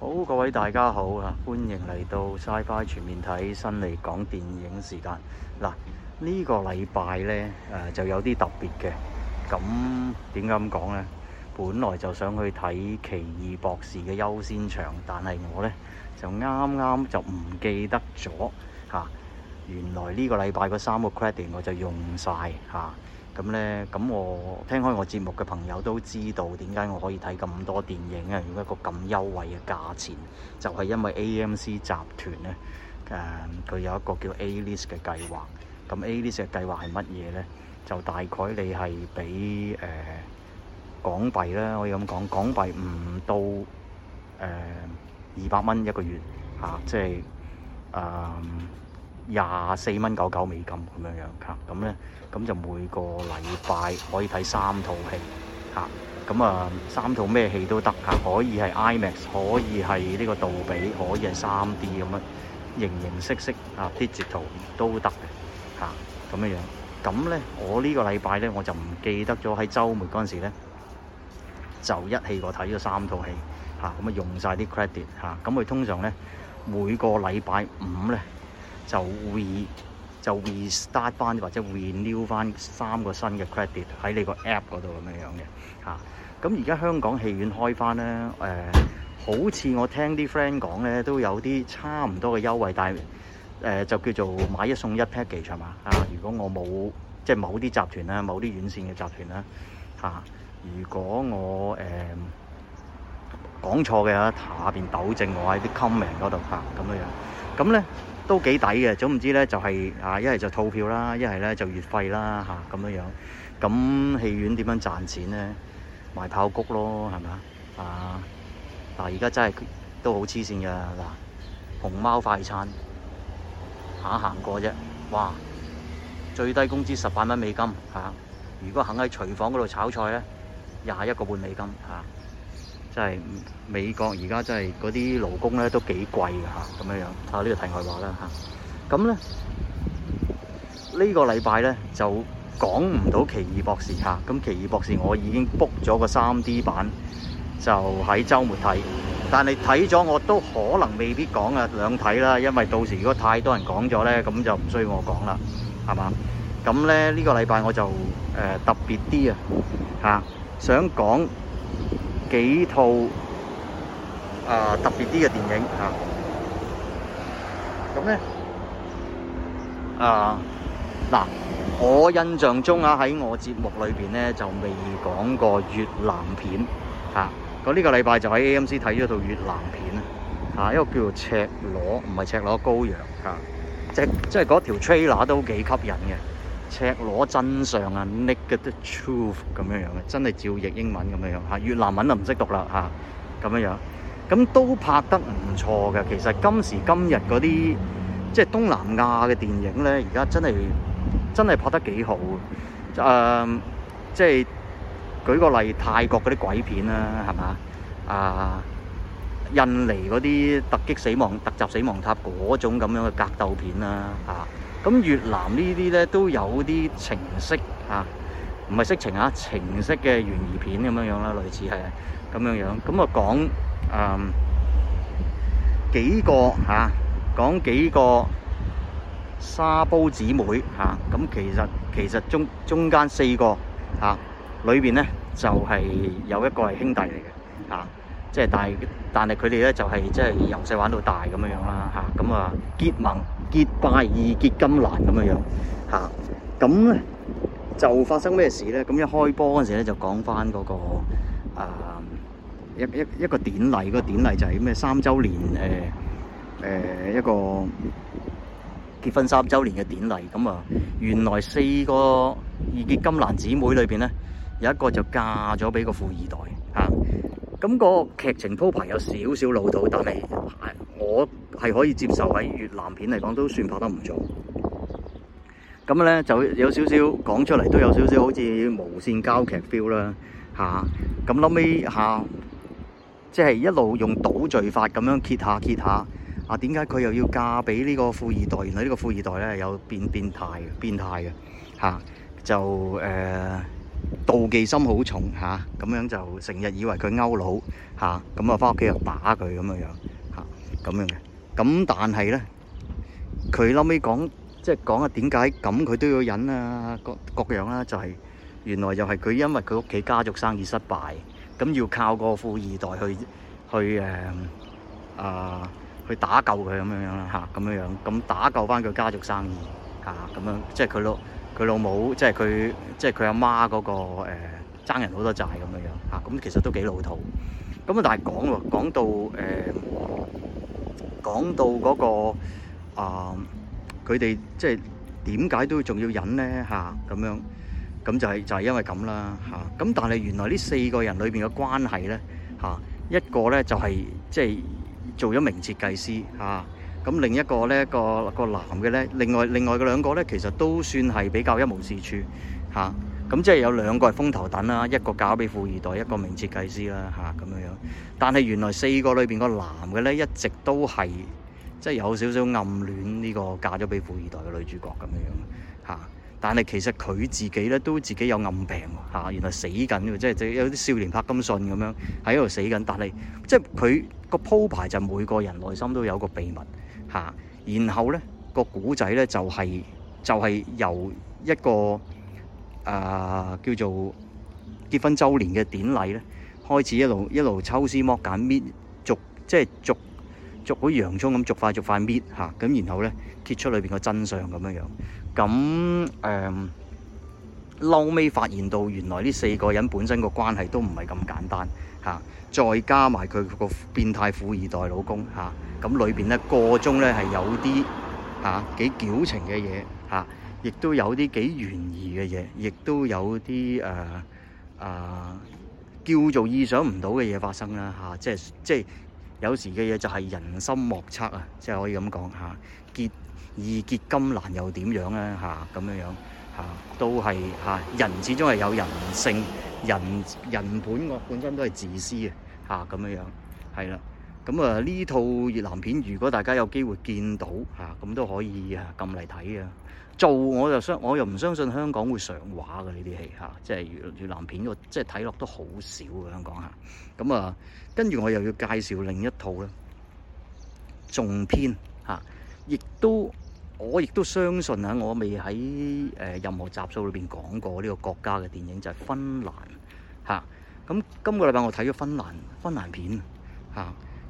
好，各位大家好啊！歡迎嚟到《SciFi 全面睇新嚟講電影時間嗱。這個、呢個禮拜呢誒就有啲特別嘅咁，點解咁講呢？本來就想去睇《奇異博士》嘅優先場，但係我呢就啱啱就唔記得咗吓。原來呢個禮拜嗰三個 credit 我就用晒吓。啊咁咧，咁我聽開我節目嘅朋友都知道點解我可以睇咁多電影啊？如果一個咁優惠嘅價錢，就係、是、因為 AMC 集團咧，佢、嗯、有一個叫 A-List 嘅計劃。咁 A-List 嘅計劃係乜嘢咧？就大概你係俾、呃、港幣啦，可以咁講，港幣唔到誒二百蚊一個月嚇，即係誒廿四蚊九九美金咁樣樣嚇。咁、啊、咧～咁就每個禮拜可以睇三套戲，嚇咁啊三套咩戲都得㗎，可以係 IMAX，可以係呢個杜比，可以係 3D 咁樣，形形色色啊，digital 都得嘅，嚇咁樣樣。咁咧，我呢個禮拜咧，我就唔記得咗喺週末嗰陣時咧，就一氣過睇咗三套戲，嚇咁啊用晒啲 credit 嚇，咁佢通常咧每個禮拜五咧就會就 restart 翻或者 renew 翻三個新嘅 credit 喺你個 app 嗰度，咁樣樣嘅吓，而家香港戲院開翻咧，誒，好似我聽啲 friend 講咧，都有啲差唔多嘅優惠，但係誒，就叫做買一送一 package 係嘛？如果我冇即係某啲集團啦，某啲院線嘅集團啦吓，如果我誒、講錯嘅，下邊糾正我喺啲 comment 嗰度發咁樣樣，咁咧。都幾抵嘅，總唔知咧就係、是、啊，一係就套票啦，一係咧就月費啦嚇咁樣樣。咁戲院點樣賺錢咧？賣爆谷咯，係咪啊？啊！嗱，而家真係都好黐線嘅嗱，熊貓快餐行行、啊、過啫，哇！最低工資十八蚊美金嚇、啊，如果肯喺廚房嗰度炒菜咧，廿一個半美金嚇。啊。即係美國而家，即係嗰啲勞工咧都幾貴㗎嚇，咁樣樣啊，呢個題外話啦嚇。咁咧呢個禮拜咧就講唔到《奇異博士》嚇。咁《奇異博士》我已經 book 咗個三 D 版，就喺週末睇。但係睇咗我都可能未必講啊兩睇啦，因為到時如果太多人講咗咧，咁就唔需要我講啦，係嘛？咁咧呢個禮拜我就誒特別啲啊嚇，想講。幾套啊特別啲嘅電影嚇，咁咧啊嗱、啊，我印象中啊喺我節目裏邊咧就未講過越南片嚇，咁、啊、呢、呢個禮拜就喺 AMC 睇咗套越南片啊，一個叫做《赤裸》，唔係《赤裸羔羊》嚇、啊，即即係嗰條 trailer 都幾吸引嘅。赤裸真相啊，Naked Truth 咁樣樣嘅，真係照譯英文咁樣樣嚇，越南文就唔識讀啦嚇，咁樣樣，咁都拍得唔錯嘅。其實今時今日嗰啲即係東南亞嘅電影咧，而家真係真係拍得幾好。誒、呃，即係舉個例，泰國嗰啲鬼片啦，係嘛啊？印尼嗰啲突擊死亡、突襲死亡塔嗰種咁樣嘅格鬥片啦，嚇、啊。咁越南呢啲咧都有啲情色嚇，唔係色情啊，情色嘅懸疑片咁樣樣啦，類似係咁樣樣。咁啊講誒幾個嚇，講幾個沙煲姊妹嚇。咁其實其實中中間四個嚇裏邊咧就係有一個係兄弟嚟嘅嚇，即係但係但係佢哋咧就係即係由細玩到大咁樣樣啦嚇。咁啊結盟。結拜二結金蘭咁樣樣，吓咁咧就發生咩事咧？咁一開波嗰陣時咧就講翻嗰個、啊、一一一個典禮，個典禮就係咩三周年誒誒、呃、一個結婚三周年嘅典禮。咁啊，原來四個二結金蘭姊妹裏邊咧，有一個就嫁咗俾個富二代吓。啊咁、那個劇情鋪排有少少老土，但係我係可以接受，喺越南片嚟講都算拍得唔錯。咁咧就有少少講出嚟都有少少好似無線膠劇 feel 啦嚇。咁、啊、後尾下即係一路用倒敘法咁樣揭下揭下，啊點解佢又要嫁俾呢個富二代？原來呢個富二代咧有變態變態變態嘅嚇，就誒。呃妒忌心好重吓，咁樣就成日以為佢勾佬吓，咁啊翻屋企又打佢咁樣樣吓，咁樣嘅。咁但係咧，佢後尾講，即係講啊點解咁佢都要忍啊各各樣啦，就係原來又係佢因為佢屋企家族生意失敗，咁要靠個富二代去去誒啊去打救佢咁樣樣啦吓，咁樣樣咁打救翻佢家族生意啊咁樣，即係佢咯。佢老母即係佢，即係佢阿媽嗰個誒，爭人好多債咁樣樣嚇，咁其實都幾老土。咁啊，但係講，講到誒，講、呃、到嗰、那個啊，佢、呃、哋即係點解都仲要忍咧嚇？咁樣咁就係、是、就係、因為咁啦嚇。咁但係原來呢四個人裏面嘅關係咧嚇，一個咧就係即係做咗名設計師、啊咁另一個咧個個男嘅咧，另外另外嘅兩個咧，其實都算係比較一無是處咁、啊、即係有兩個係風頭躉啦，一個嫁咗俾富二代，一個名設計師啦咁、啊、樣但係原來四個裏面個男嘅咧一直都係即係有少少暗戀呢、呢個嫁咗俾富二代嘅女主角咁樣、啊、但係其實佢自己咧都自己有暗病嚇、啊，原來死緊㗎，即係有啲少年柏金信咁樣喺度死緊。但係即係佢個鋪排就係每個人內心都有個秘密。嚇，然後咧個古仔咧就係、是、就係、是、由一個、呃、叫做結婚周年嘅典禮咧開始，一路一路抽絲剝繭搣，逐即係逐逐好似洋葱咁逐塊逐塊搣嚇，咁然後咧揭出裏面個真相咁樣樣，咁誒嬲尾發現到原來呢四個人本身個關係都唔係咁簡單、啊再加埋佢個變態富二代老公嚇，咁裏邊咧個中咧係有啲嚇、啊、幾矯情嘅嘢嚇，亦、啊、都有啲幾懸疑嘅嘢，亦都有啲誒誒叫做意想唔到嘅嘢發生啦嚇、啊，即係即係有時嘅嘢就係人心莫測啊，即係可以咁講嚇，結易結金難又點樣咧嚇咁樣樣。吓，都係吓，人始終係有人性，人人本我本身都係自私嘅，吓咁樣樣，係啦，咁啊呢套越南片，如果大家有機會見到，吓咁都可以啊，咁嚟睇啊，做我就相，我又唔相信香港會上畫嘅呢啲戲，吓，即係越越南片個，我即係睇落都好少嘅香港吓，咁啊，跟住我又要介紹另一套咧，仲片吓，亦、啊、都。我亦都相信啊！我未喺誒任何集數裏邊講過呢個國家嘅電影就係、是、芬蘭嚇。咁、嗯、今個禮拜我睇咗芬蘭芬蘭片嚇、嗯，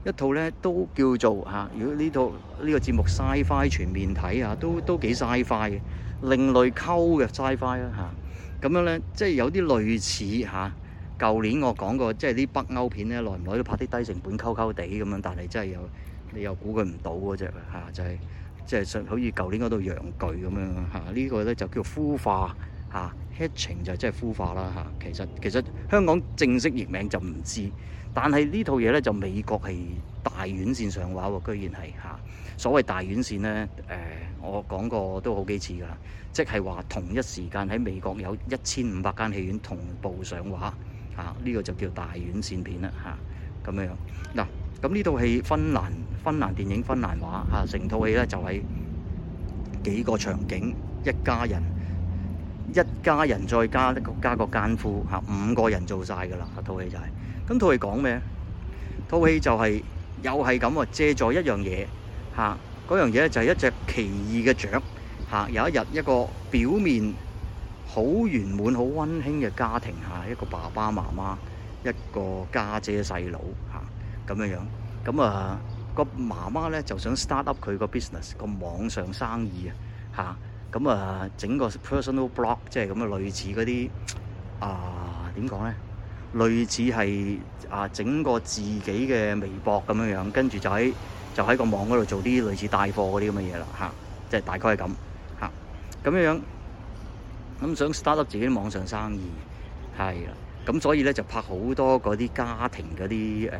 一套咧都叫做嚇、嗯。如果呢套呢、這個節目 Sci-Fi 全面睇啊，都都幾 Sci-Fi 嘅，另類溝嘅 Sci-Fi 啦嚇。咁樣咧即係有啲類似嚇。舊、嗯、年我講過，即係啲北歐片咧，耐唔耐都拍啲低成本溝溝地咁樣，但係真係有你又估佢唔到嗰隻嚇，就係、是。即係好似舊年嗰度羊具咁樣嚇，呢、這個咧就叫孵化嚇、啊、hatching 就係真係孵化啦嚇、啊。其實其實香港正式譯名就唔知，但係呢套嘢咧就美國係大院線上畫喎，居然係嚇、啊。所謂大院線咧，誒、呃、我講過都好幾次㗎，即係話同一時間喺美國有一千五百間戲院同步上畫嚇，呢、啊這個就叫大院線片啦嚇，咁樣嗱。啊咁呢套戲芬蘭，芬蘭電影芬蘭話，吓成套戲咧就喺幾個場景，一家人，一家人再加一個加個奸夫，吓五個人做晒噶啦，套戲就係。咁套戲講咩？套戲就係又係咁啊，借助一樣嘢，吓嗰樣嘢咧就係一隻奇異嘅雀，吓有一日一個表面好圓滿、好溫馨嘅家庭，吓一個爸爸媽媽，一個家姐細佬。咁樣樣，咁啊個媽媽咧就想 start up 佢個 business 個網上生意啊，吓，咁啊整個 personal blog 即係咁啊，類似嗰啲啊點講咧，類似係啊整個自己嘅微博咁樣樣，跟住就喺就喺個網嗰度做啲類似帶貨嗰啲咁嘅嘢啦吓，即係大概係咁吓，咁樣樣，咁、啊啊、想 start up 自己網上生意係啊，咁所以咧就拍好多嗰啲家庭嗰啲誒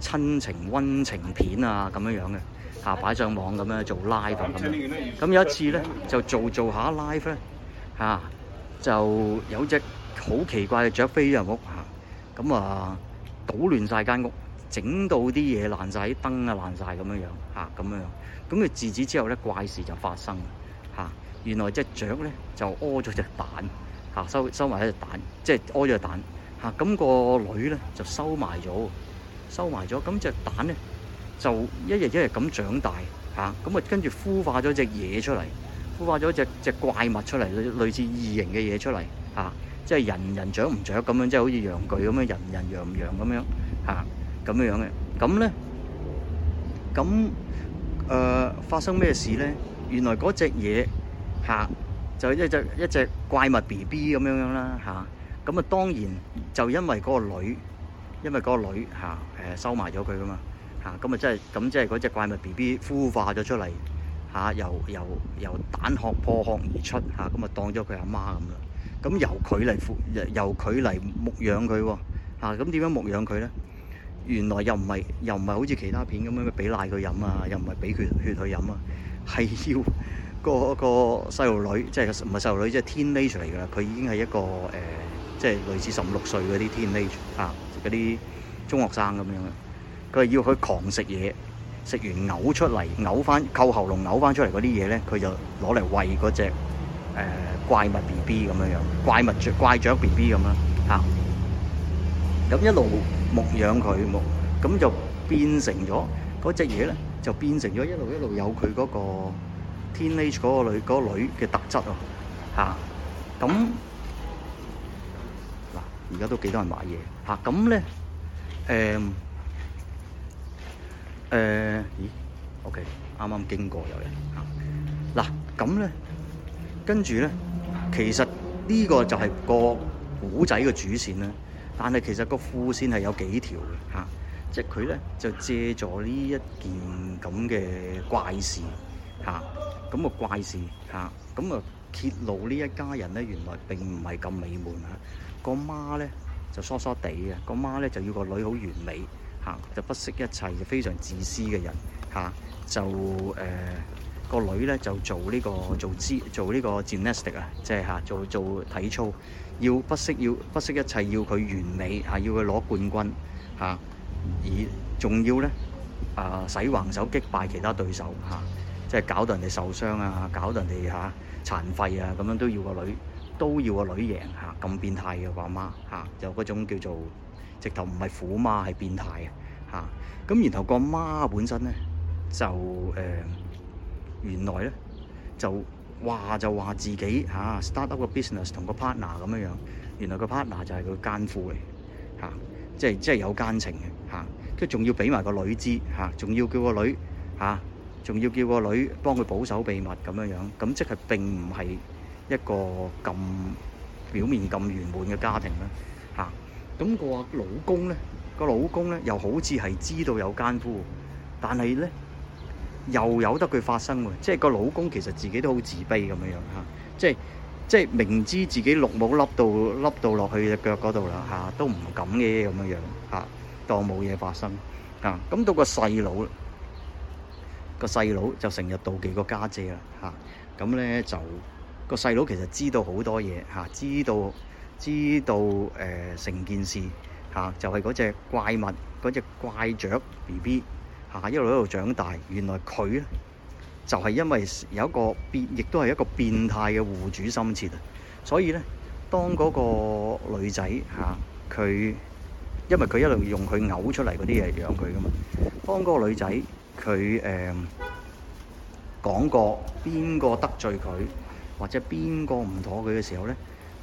親情溫情片啊，咁樣樣嘅嚇，擺上網咁咧做 live 咁樣。咁有一次咧就做做下 live 咧嚇、啊，就有一隻好奇怪嘅雀飛入屋嚇，咁啊，搗、啊、亂晒間屋，整到啲嘢爛曬，燈啊爛晒。咁樣樣嚇，咁樣樣。咁、啊、佢自此之後咧怪事就發生嚇、啊，原來隻雀咧就屙咗隻蛋嚇、啊，收收埋喺隻蛋，即係屙咗隻蛋嚇。咁、啊那個女咧就收埋咗。收埋咗，咁隻蛋咧就一日一日咁長大嚇，咁啊跟住孵化咗隻嘢出嚟，孵化咗隻隻怪物出嚟，類類似異形嘅嘢出嚟嚇，即係人人長唔長咁樣，即係好似羊具咁樣，人人羊唔羊咁樣嚇，咁樣樣嘅，咁咧咁誒發生咩事咧？原來嗰隻嘢嚇就一隻一隻怪物 B B 咁樣樣啦嚇，咁啊當然就因為嗰個女。因為個女嚇收埋咗佢噶嘛嚇，咁啊，即係咁即係嗰隻怪物 B B 孵化咗出嚟又、啊、由由由蛋殼破殼而出嚇，咁啊，啊，啊，啊當咗佢阿媽咁啦。咁由佢嚟由佢嚟牧、啊啊啊啊、牧養佢喎，咁點樣牧養佢咧？原來又唔係又唔係好似其他片咁樣俾奶佢飲啊，又唔係俾血血佢飲啊，係要、啊個個細路女即係唔係細路女，即係 teenager 嚟噶啦。佢已經係一個誒，即、欸類似十六歲嗰啲 teenager 啊。嗰啲中學生咁樣嘅，佢係要佢狂食嘢，食完嘔出嚟，嘔翻扣喉嚨嘔翻出嚟嗰啲嘢咧，佢就攞嚟餵嗰隻誒怪物 B B 咁樣樣，怪物雀怪雀 B B 咁樣嚇。咁一路牧養佢，咁就變成咗嗰隻嘢咧，就變成咗一路一路有佢嗰個 Teenage 嗰個女嗰個女嘅特質啊嚇。咁嗱，而家都幾多人買嘢。嚇咁咧，誒誒，咦？OK，啱啱經過有人嚇。嗱咁咧，跟住咧，其實呢個就係個古仔嘅主線啦。但係其實個副線係有幾條嘅嚇，即係佢咧就借助呢一件咁嘅怪事嚇，咁個怪事嚇，咁啊揭露呢一家人咧原來並唔係咁美滿嚇，個媽咧。就疏疏地嘅個媽咧就要個女好完美嚇，就不惜一切就非常自私嘅人嚇，就誒個、呃、女咧就做呢、這個做姿做呢個 gymnastic 啊，即係嚇做做體操，要不惜要不惜一切要佢完美嚇，要佢攞冠軍嚇，而仲要咧啊使橫手擊敗其他對手嚇，即係搞到人哋受傷啊，搞到人哋嚇殘廢啊，咁樣都要個女。都要個女贏嚇，咁、啊、變態嘅個阿媽嚇、啊，就嗰種叫做直頭唔係虎媽，係變態嘅嚇。咁、啊、然後個媽本身咧就誒、呃、原來咧就話就話自己嚇、啊、start up 個 business 同個 partner 咁樣樣，原來個 partner 就係佢奸夫嚟嚇，即係即係有奸情嘅嚇，跟住仲要俾埋個女知嚇，仲、啊、要叫個女嚇，仲、啊、要叫個女幫佢保守秘密咁樣樣，咁即係並唔係。一個咁表面咁圓滿嘅家庭啦，嚇、那、咁個老公咧，個老公咧又好似係知道有奸夫，但係咧又有得佢發生喎，即係個老公其實自己都好自卑咁樣樣嚇，即係即係明知自己綠帽笠到笠到落去隻腳嗰度啦嚇，都唔敢嘅咁樣樣嚇，當冇嘢發生啊，咁到個細佬、個細佬就成日妒忌個家姐啦嚇，咁咧就。個細佬其實知道好多嘢嚇，知道知道誒成、呃、件事嚇、啊，就係嗰隻怪物嗰隻怪雀 BB 嚇、啊、一路一路長大。原來佢就係、是、因為有一個變，亦都係一個變態嘅護主心切啊。所以咧，當嗰個女仔嚇佢，因為佢一路用佢嘔出嚟嗰啲嘢養佢㗎嘛。當嗰個女仔佢誒講過邊個得罪佢，或者邊個唔妥佢嘅時候咧，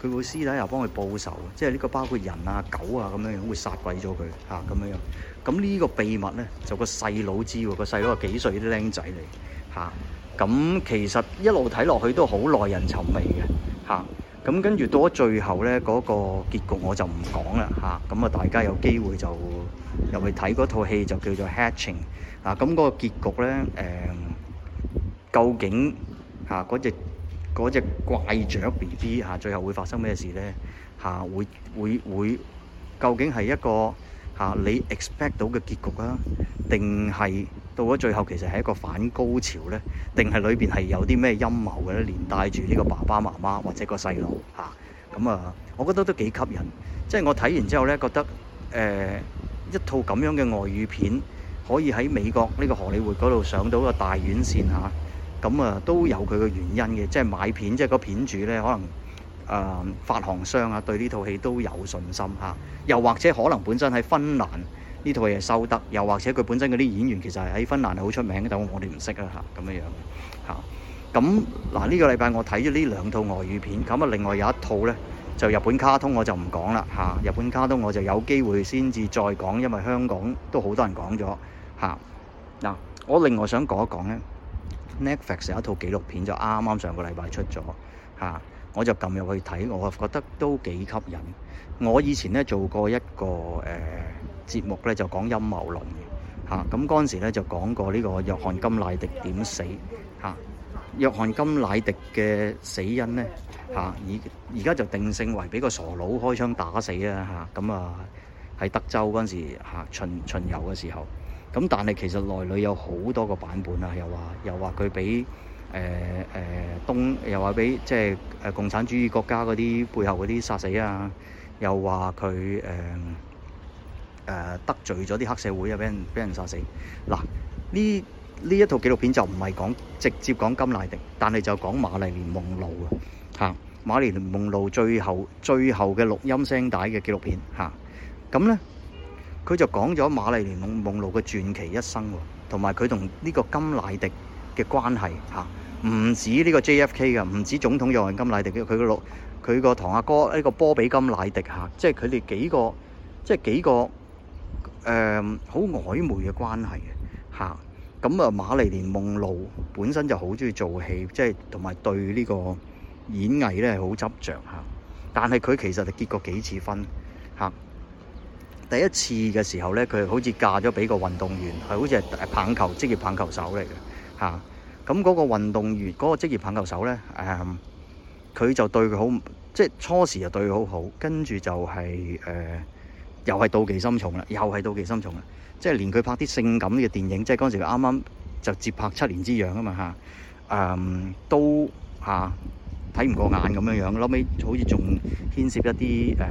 佢會私底下幫佢報仇，即係呢個包括人啊、狗啊咁樣會殺鬼咗佢咁樣，咁呢個秘密咧就是、個細佬知喎，個細佬係幾歲啲僆仔嚟，咁其實一路睇落去都好耐人尋味嘅咁、啊、跟住到咗最後咧嗰、嗰個結局我就唔講啦，咁啊，大家有機會就入去睇嗰套戲就叫做 Hatching 啊。咁、嗰個結局咧、嗯、究竟嗰隻，啊那個嗰隻怪雀 B B 嚇，最後會發生咩事咧？嚇，會會會，究竟係一個嚇你 expect 到嘅結局啊？定係到咗最後其實係一個反高潮咧？定係裏邊係有啲咩陰謀嘅咧？連帶住呢個爸爸媽媽或者個細路嚇，咁啊，我覺得都幾吸引。即係我睇完之後咧，覺得誒一套咁樣嘅外語片可以喺美國呢個荷里活嗰度上到個大院線嚇。咁啊，都有佢嘅原因嘅，即係買片，即係個片主咧，可能誒、呃、發行商啊，對呢套戲都有信心嚇、啊，又或者可能本身喺芬蘭呢套嘢收得，又或者佢本身嗰啲演員其實喺芬蘭係好出名，但我哋唔識啊嚇，咁樣、啊、樣嚇。咁、啊、嗱，呢、個禮拜我睇咗呢兩套外語片，咁啊，另外有一套咧就日本卡通，我就唔講啦嚇。日本卡通我就有機會先至再講，因為香港都好多人講咗嚇。嗱、啊，我另外想講一講咧。Netflix 有一套紀錄片就啱啱上個禮拜出咗，嚇，我就撳入去睇，我覺得都幾吸引。我以前咧做過一個誒、呃、節目咧，就講陰謀論嘅，咁嗰陣時咧就講過呢個約翰甘迺迪點死，嚇、啊。約翰甘迺迪嘅死因咧，嚇、啊，而而家就定性為俾個傻佬開槍打死啦，嚇。咁啊，喺、啊、德州嗰陣時、啊、巡巡遊嘅時候。咁但係其實內裏有好多個版本啊，又話又話佢俾又話俾即係共產主義國家嗰啲背後嗰啲殺死啊，又話佢誒得罪咗啲黑社會啊，俾人俾人殺死。嗱，呢呢一套紀錄片就唔係講直接講甘迺迪，但係就講瑪麗蓮夢露啊，嚇，瑪麗蓮夢露最後最後嘅錄音聲帶嘅紀錄片咁咧。佢就講咗瑪麗蓮夢露嘅傳奇一生喎，同埋佢同呢個金乃迪嘅關係嚇，唔止呢個 J.F.K. 嘅，唔止總統又人迪，又係金乃迪佢個老，佢個堂阿哥呢、呢個波比金乃迪嚇，即係佢哋幾個，即係幾個誒好、呃、曖昧嘅關係嘅咁啊，瑪麗蓮夢露本身就好中意做戲，即係同埋對呢個演藝咧係好執着。嚇、啊。但係佢其實就結過幾次婚嚇。啊第一次嘅時候咧，佢好似嫁咗俾個運動員，係好似係棒球職業棒球手嚟嘅嚇。咁、啊、嗰、那個運動員，嗰、那個職業棒球手咧，誒、嗯，佢就對佢好，即係初時就對佢好好，跟住就係誒，又係妒忌心重啦，又係妒忌心重啦。即係連佢拍啲性感嘅電影，即係嗰陣時佢啱啱就接拍《七年之癢》啊嘛嚇，誒，都嚇睇唔過眼咁樣樣。後尾好似仲牽涉一啲誒。呃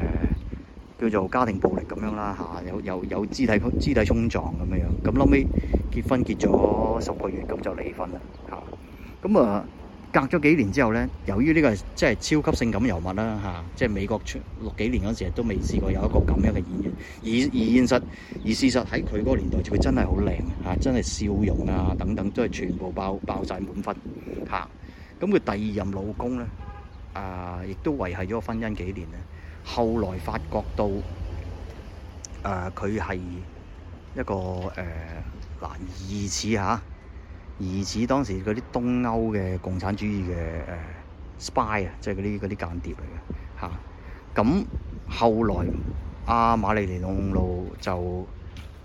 叫做家庭暴力咁樣啦嚇，有有有肢體肢體衝撞咁樣樣，咁後尾結婚結咗十個月，咁就離婚啦嚇。咁啊，隔咗幾年之後咧，由於呢個即係超級性感尤物啦嚇，即係美國六幾年嗰陣時都未試過有一個咁樣嘅演員，而而現實而事實喺佢嗰個年代他的很，佢真係好靚嚇，真係笑容啊等等都係全部爆爆曬滿分嚇。咁，啊，佢第二任老公咧啊，亦都維係咗婚姻幾年咧。後來發覺到，誒佢係一個誒嗱疑似嚇，疑、啊、似當時嗰啲東歐嘅共產主義嘅誒、呃、spy 啊，即係嗰啲啲間諜嚟嘅嚇。咁、啊、後來阿、啊、Marilyn Monroe 就誒、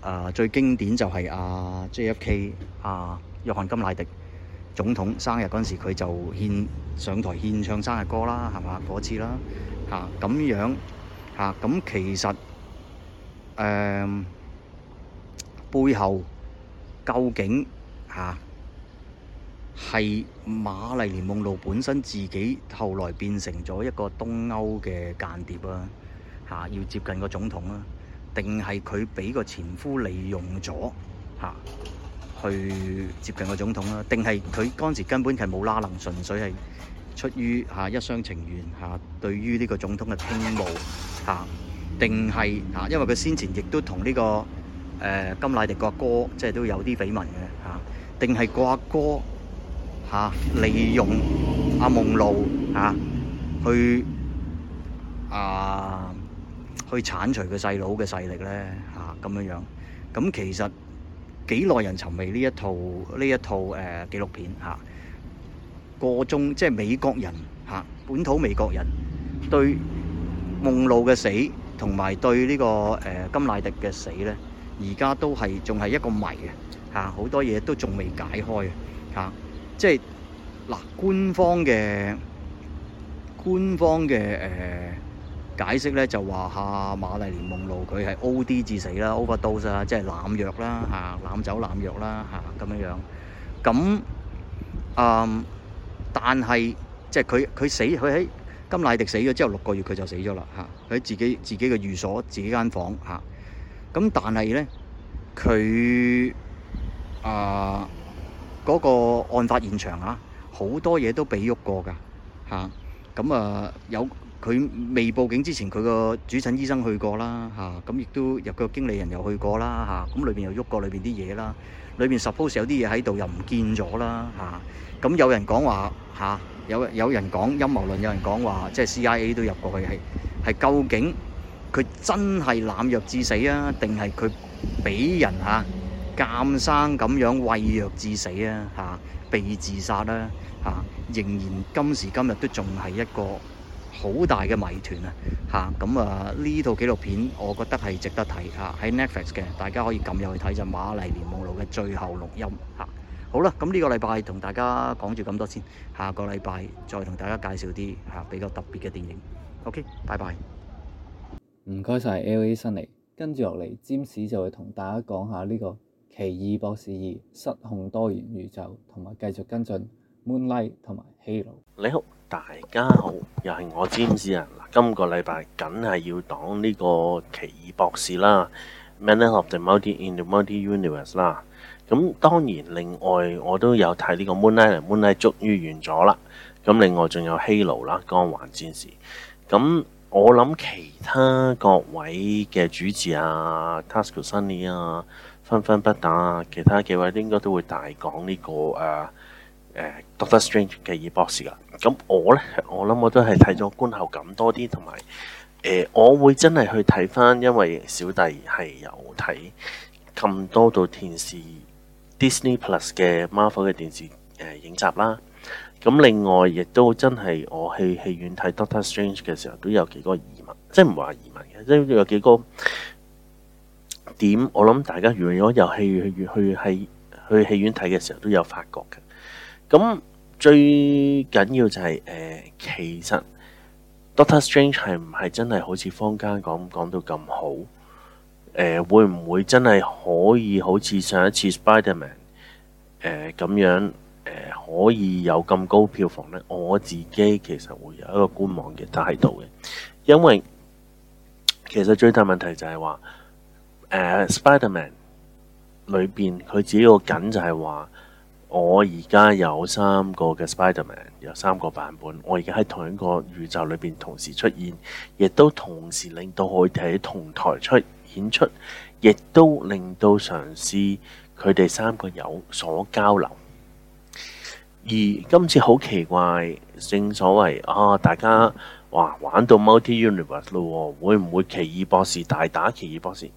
啊、最經典就係阿、啊、JFK 阿、啊、約翰甘迺迪總統生日嗰陣時，佢就獻上台獻唱生日歌啦，係嘛嗰次啦。嚇，咁樣嚇，咁，其實誒背後究竟嚇，係瑪麗蓮夢露本身自己後來變成咗一個東歐嘅間諜啊嚇，要接近個總統啊，定係佢俾個前夫利用咗嚇，去接近個總統啊？定係佢嗰陣時根本係冇拉能，純粹係。出於一廂情願嚇，對於呢個總統嘅傾慕，定係因為佢先前亦都同呢、這個誒、呃、甘迺迪個哥，哥，即係都有啲緋聞嘅嚇，定係個哥，哥、啊、利用阿夢露啊去啊去剷除佢細佬嘅勢力咧咁、啊、樣，咁其實幾耐人尋味呢一套呢一套誒、呃、紀錄片、啊個中即係美國人嚇，本土美國人對夢露嘅死同埋對呢個誒甘迺迪嘅死咧，而家都係仲係一個謎嘅嚇，好多嘢都仲未解開啊嚇，即係嗱，官方嘅官方嘅誒解釋咧，就話嚇，瑪麗蓮夢露佢係 O.D. 致死啦，overdose 啦，即係濫藥啦嚇，濫酒濫藥啦嚇，咁樣樣咁嗯。但係，即係佢佢死佢喺甘迺迪死咗之後六個月佢就死咗啦吓，喺自己自己嘅寓所自己間房吓。咁、啊、但係咧，佢啊嗰、嗰個案發現場很啊，好多嘢都被喐過噶吓。咁啊有佢未報警之前，佢個主診醫生去過啦吓，咁亦都入佢個經理人又去過啦吓，咁、啊、裏邊又喐過裏邊啲嘢啦。裏面 suppose 有啲嘢喺度又唔見咗啦，咁有人講話、啊、有有人講陰謀論，有人講話即係 CIA 都入過去係係究竟佢真係濫藥致死啊，定係佢俾人呀、啊？餡、啊、生咁樣喂藥致死啊，啊被自殺啦、啊啊、仍然今時今日都仲係一個。好大嘅謎團啊！嚇咁啊，呢套紀錄片我覺得係值得睇啊，喺 Netflix 嘅，大家可以撳入去睇就《瑪麗蓮夢露》嘅最後錄音嚇、啊。好啦，咁呢個禮拜同大家講住咁多先，下個禮拜再同大家介紹啲嚇比較特別嘅電影。OK，拜拜。唔該晒 LA 辛尼。跟住落嚟，占士就會同大家講下呢個《奇異博士二》失控多元宇宙，同埋繼續跟進《Moonlight》同埋《Halo》。你好。大家好，又係我詹士。啊！嗱，今個禮拜梗係要講呢個奇異博士 Man of universe, 啦，《Marvel The Multiverse universe》啦。咁當然，另外我都有睇呢個 Moon Knight, Moonlight 終於《Moonlight》，《Moonlight》終於完咗啦。咁另外仲有《Halo》啦，《光環戰士》。咁我諗其他各位嘅主持啊 Tasuku Sunny 啊，分分不打，其他幾位應該都會大講呢、這個誒。啊誒，Doctor Strange 嘅二博士啦，咁我咧，我諗我都係睇咗觀後感多啲，同埋誒，我會真係去睇返，因為小弟係有睇咁多套電視 Disney Plus 嘅 Marvel 嘅電視誒影、呃、集啦，咁另外亦都真係我去戲院睇 Doctor Strange 嘅時候都有幾個疑問，即係唔話疑問嘅，即係有幾個點，我諗大家如果有戲院去去去戲院睇嘅時候都有發覺嘅。咁最緊要就係誒，其實 Doctor Strange 係唔係真係好似坊間講講到咁好？誒、呃，會唔會真係可以好似上一次 Spiderman 咁、呃、樣誒、呃，可以有咁高票房呢？我自己其實會有一個觀望嘅態度嘅，因為其實最大問題就係話誒、呃、Spiderman 裏邊佢主要緊就係話。我而家有三個嘅 Spider-Man，有三個版本。我而家喺同一個宇宙裏面同時出現，亦都同時令到佢哋喺同台出演出，亦都令到嘗試佢哋三個有所交流。而今次好奇怪，正所謂啊，大家哇玩到 Multi Universe 咯，會唔會奇異博士大打奇異博士？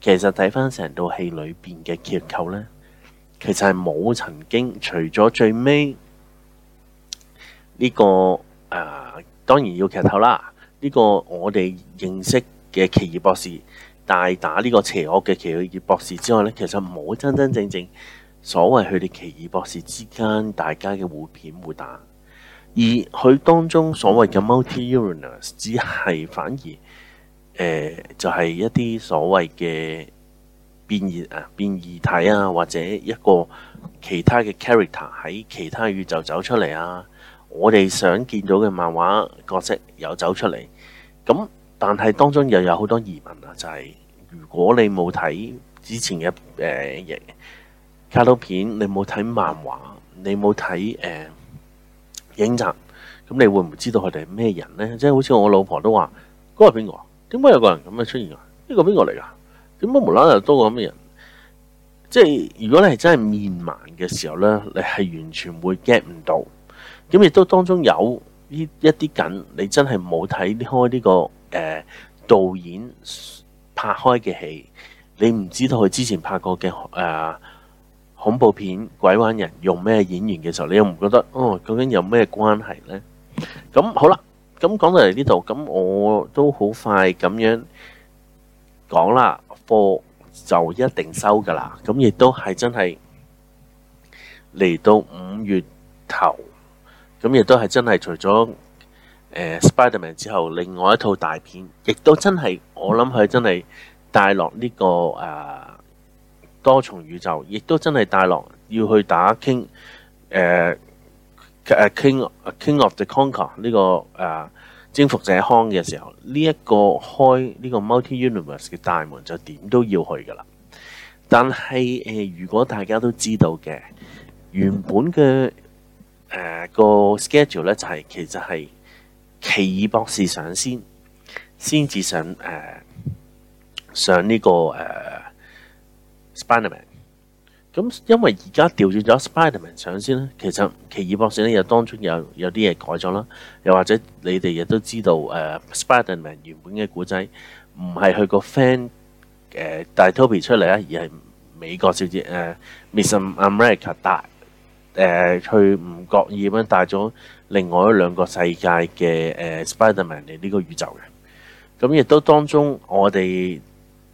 其實睇返成套戲裏面嘅結構呢。其實係冇曾經，除咗最尾呢個誒、呃，當然要劇透啦。呢個我哋認識嘅奇異博士大打呢個邪惡嘅奇異博士之外呢，其實冇真真正正所謂佢哋奇異博士之間大家嘅互片互打，而佢當中所謂嘅 multi-universe 只係反而誒、呃，就係、是、一啲所謂嘅。變異啊，變異體啊，或者一個其他嘅 character 喺其他宇宙走出嚟啊！我哋想見到嘅漫畫角色有走出嚟，咁但係當中又有好多疑問啊！就係、是、如果你冇睇之前嘅誒、呃、卡通片，你冇睇漫畫，你冇睇誒影集，咁你會唔會知道佢哋係咩人呢？即、就、係、是、好似我老婆都話：嗰個邊個？點解有個人咁樣出現啊？呢個邊個嚟噶？咁點解無啦啦多個咁嘅人？即係如果你係真係面盲嘅時候呢，你係完全會 get 唔到。咁亦都當中有呢一啲緊，你真係冇睇開呢、這個誒、呃、導演拍開嘅戲，你唔知道佢之前拍過嘅誒、呃、恐怖片《鬼玩人》用咩演員嘅時候，你又唔覺得哦？究竟有咩關係呢？咁好啦，咁講到嚟呢度，咁我都好快咁樣講啦。播就一定收噶啦，咁亦都係真係嚟到五月頭，咁亦都係真係除咗、呃、Spider-Man 之後，另外一套大片，亦都真係我諗佢真係帶落呢、呢個誒、啊、多重宇宙，亦都真係帶落要去打 King、啊、King of, King of the Conqueror 呢、呢個誒。啊征服者康嘅時候，呢、這、一個開呢個 multi-universe 嘅大門就點都要去噶啦。但係誒、呃、如果大家都知道嘅，原本嘅誒、呃、個 schedule 咧，就係、是、其實係奇異博士上先，先至上誒、呃、上呢、這個誒、呃、Spiderman。咁因為而家調轉咗 Spiderman 上先咧，其實奇異博士咧又當中有有啲嘢改咗啦，又或者你哋亦都知道誒、呃、Spiderman 原本嘅故仔唔係佢個 friend 誒帶 Toby 出嚟啦，而係美國小姐誒、呃、Miss America、呃、他不帶佢唔吳意覺意咁啦，帶咗另外一兩個世界嘅誒、呃、Spiderman 嚟呢個宇宙嘅。咁、呃、亦都當中我哋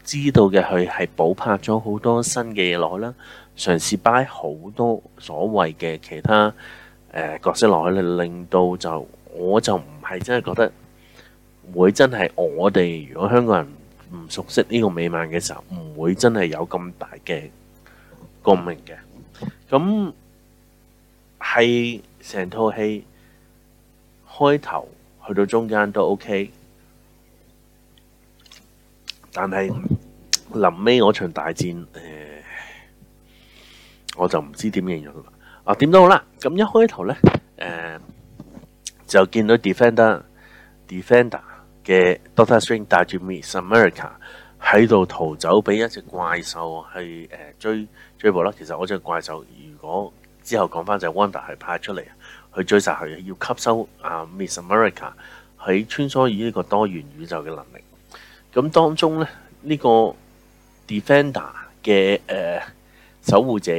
知道嘅佢係補拍咗好多新嘅嘢落去啦。嘗試擺好多所謂嘅其他、呃、角色落去，令到就我就唔係真係覺得會真係我哋如果香港人唔熟悉呢個美漫嘅時候，唔會真係有咁大嘅共鳴嘅。咁係成套戲開頭去到中間都 OK，但係臨尾嗰場大戰、呃我就唔知點形容啦。啊，點都好啦。咁一開頭咧，誒、呃、就見到 Defender，Defender 嘅 Defender Doctor Strange 帶住 Miss America 喺度逃走只，俾一隻怪獸去誒追追捕啦。其實我隻怪獸，如果之後講翻就 Wonder 係派出嚟去追殺佢，要吸收啊 Miss America 喺穿梭於呢個多元宇宙嘅能力。咁當中咧，呢、這個 Defender 嘅誒、呃、守護者。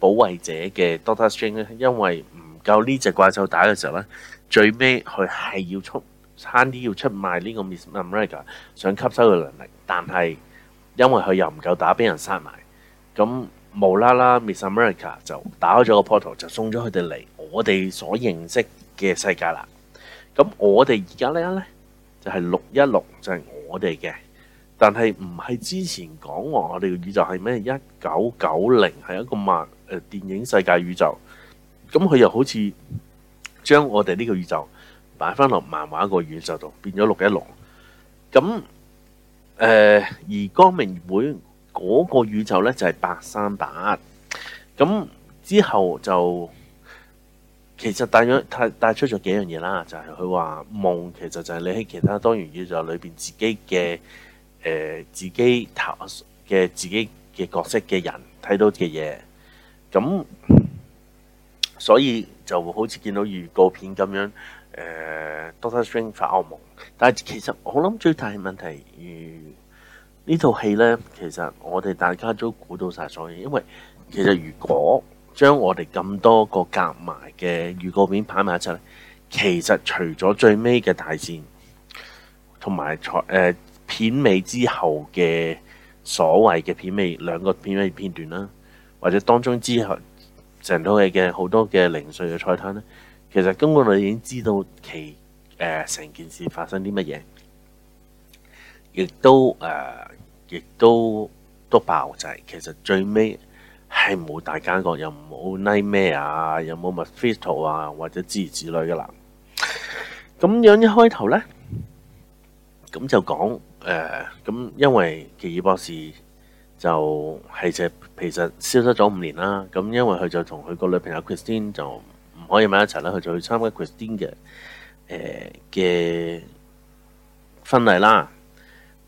保衛者嘅 Doctor Strange 咧，因為唔夠呢隻怪獸打嘅時候咧，最尾佢係要出，差啲要出賣呢個 Miss America，想吸收佢能力，但係因為佢又唔夠打，俾人殺埋，咁無啦啦 Miss America 就打開咗個 portal，就送咗佢哋嚟我哋所認識嘅世界啦。咁我哋而家咧，就係616，就係我哋嘅。但係唔係之前講話我哋嘅宇宙係咩？一九九零係一個漫威電影世界宇宙，咁佢又好似將我哋呢個宇宙擺翻落漫畫個宇宙度，變咗六一六。咁誒、呃、而光明會嗰個宇宙呢，就係八三八。咁之後就其實帶咗，帶出咗幾樣嘢啦，就係佢話夢其實就係你喺其他多元宇宙裏面自己嘅。誒、呃，自己投嘅自己嘅角色嘅人睇到嘅嘢，咁所以就好似見到預告片咁樣。誒，Doctor Strange 發惡夢，但係其實我諗最大嘅問題，呃、呢套戲咧，其實我哋大家都估到晒所有，因為其實如果將我哋咁多個夾埋嘅預告片擺埋一齊，其實除咗最尾嘅大戰，同埋誒。呃片尾之後嘅所謂嘅片尾兩個片尾片段啦，或者當中之後成套戲嘅好多嘅零碎嘅彩蛋咧，其實根本我已經知道其，誒成、呃、件事發生啲乜嘢，亦都誒亦、呃、都都爆曬。就是、其實最尾係冇大間國，又冇 Nightmare 啊，又冇乜 Mephisto 啊，或者之類之類嘅啦。咁樣一開頭咧，咁就講。誒、嗯、咁，因為奇異博士就係就其實消失咗五年啦。咁因為佢就同佢個女朋友 Christine 就唔可以埋一齊啦。佢就去參加 Christine 嘅誒嘅婚禮啦。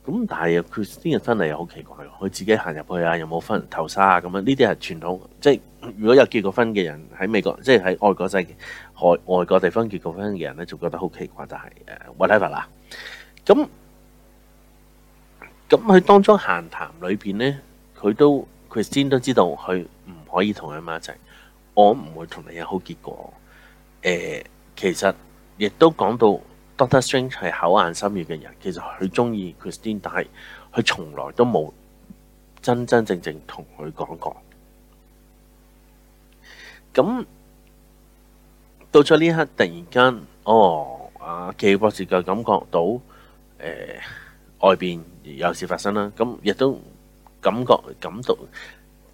咁但係 Christine 嘅婚禮又好奇怪喎！佢自己行入去啊，又冇婚頭紗啊，咁樣呢啲係傳統。即係如果有結過婚嘅人喺美國，即係喺外國世外外國地方結過婚嘅人咧，就覺得好奇怪就係、是、誒，whatever 啦。咁、嗯咁佢當中閒談裏邊呢，佢都 Christine 都知道佢唔可以同佢阿媽一齊，我唔會同你有好結果。誒、呃，其實亦都講到 Doctor Strange 係口硬心軟嘅人，其實佢中意 Christine 但係佢從來都冇真真正正同佢講過。咁到咗呢刻，突然間，哦，阿奇博士就感覺到誒。呃外邊有事發生啦，咁亦都感覺、感到、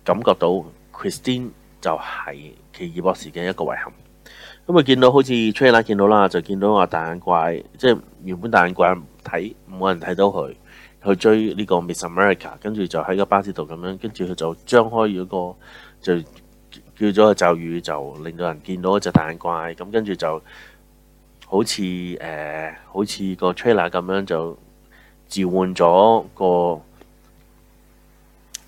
感覺到 Christine 就係奇異博士嘅一個遺憾。咁啊，見到好似 Trailer 見到啦，就見到話大眼怪，即係原本大眼怪睇冇人睇到佢，佢追呢個 Miss America，跟住就喺個巴士度咁樣，跟住佢就張開咗個就叫咗個咒語，就令到人見到一隻大眼怪。咁跟住就好似誒、呃，好似個 Trailer 咁樣就。召喚咗個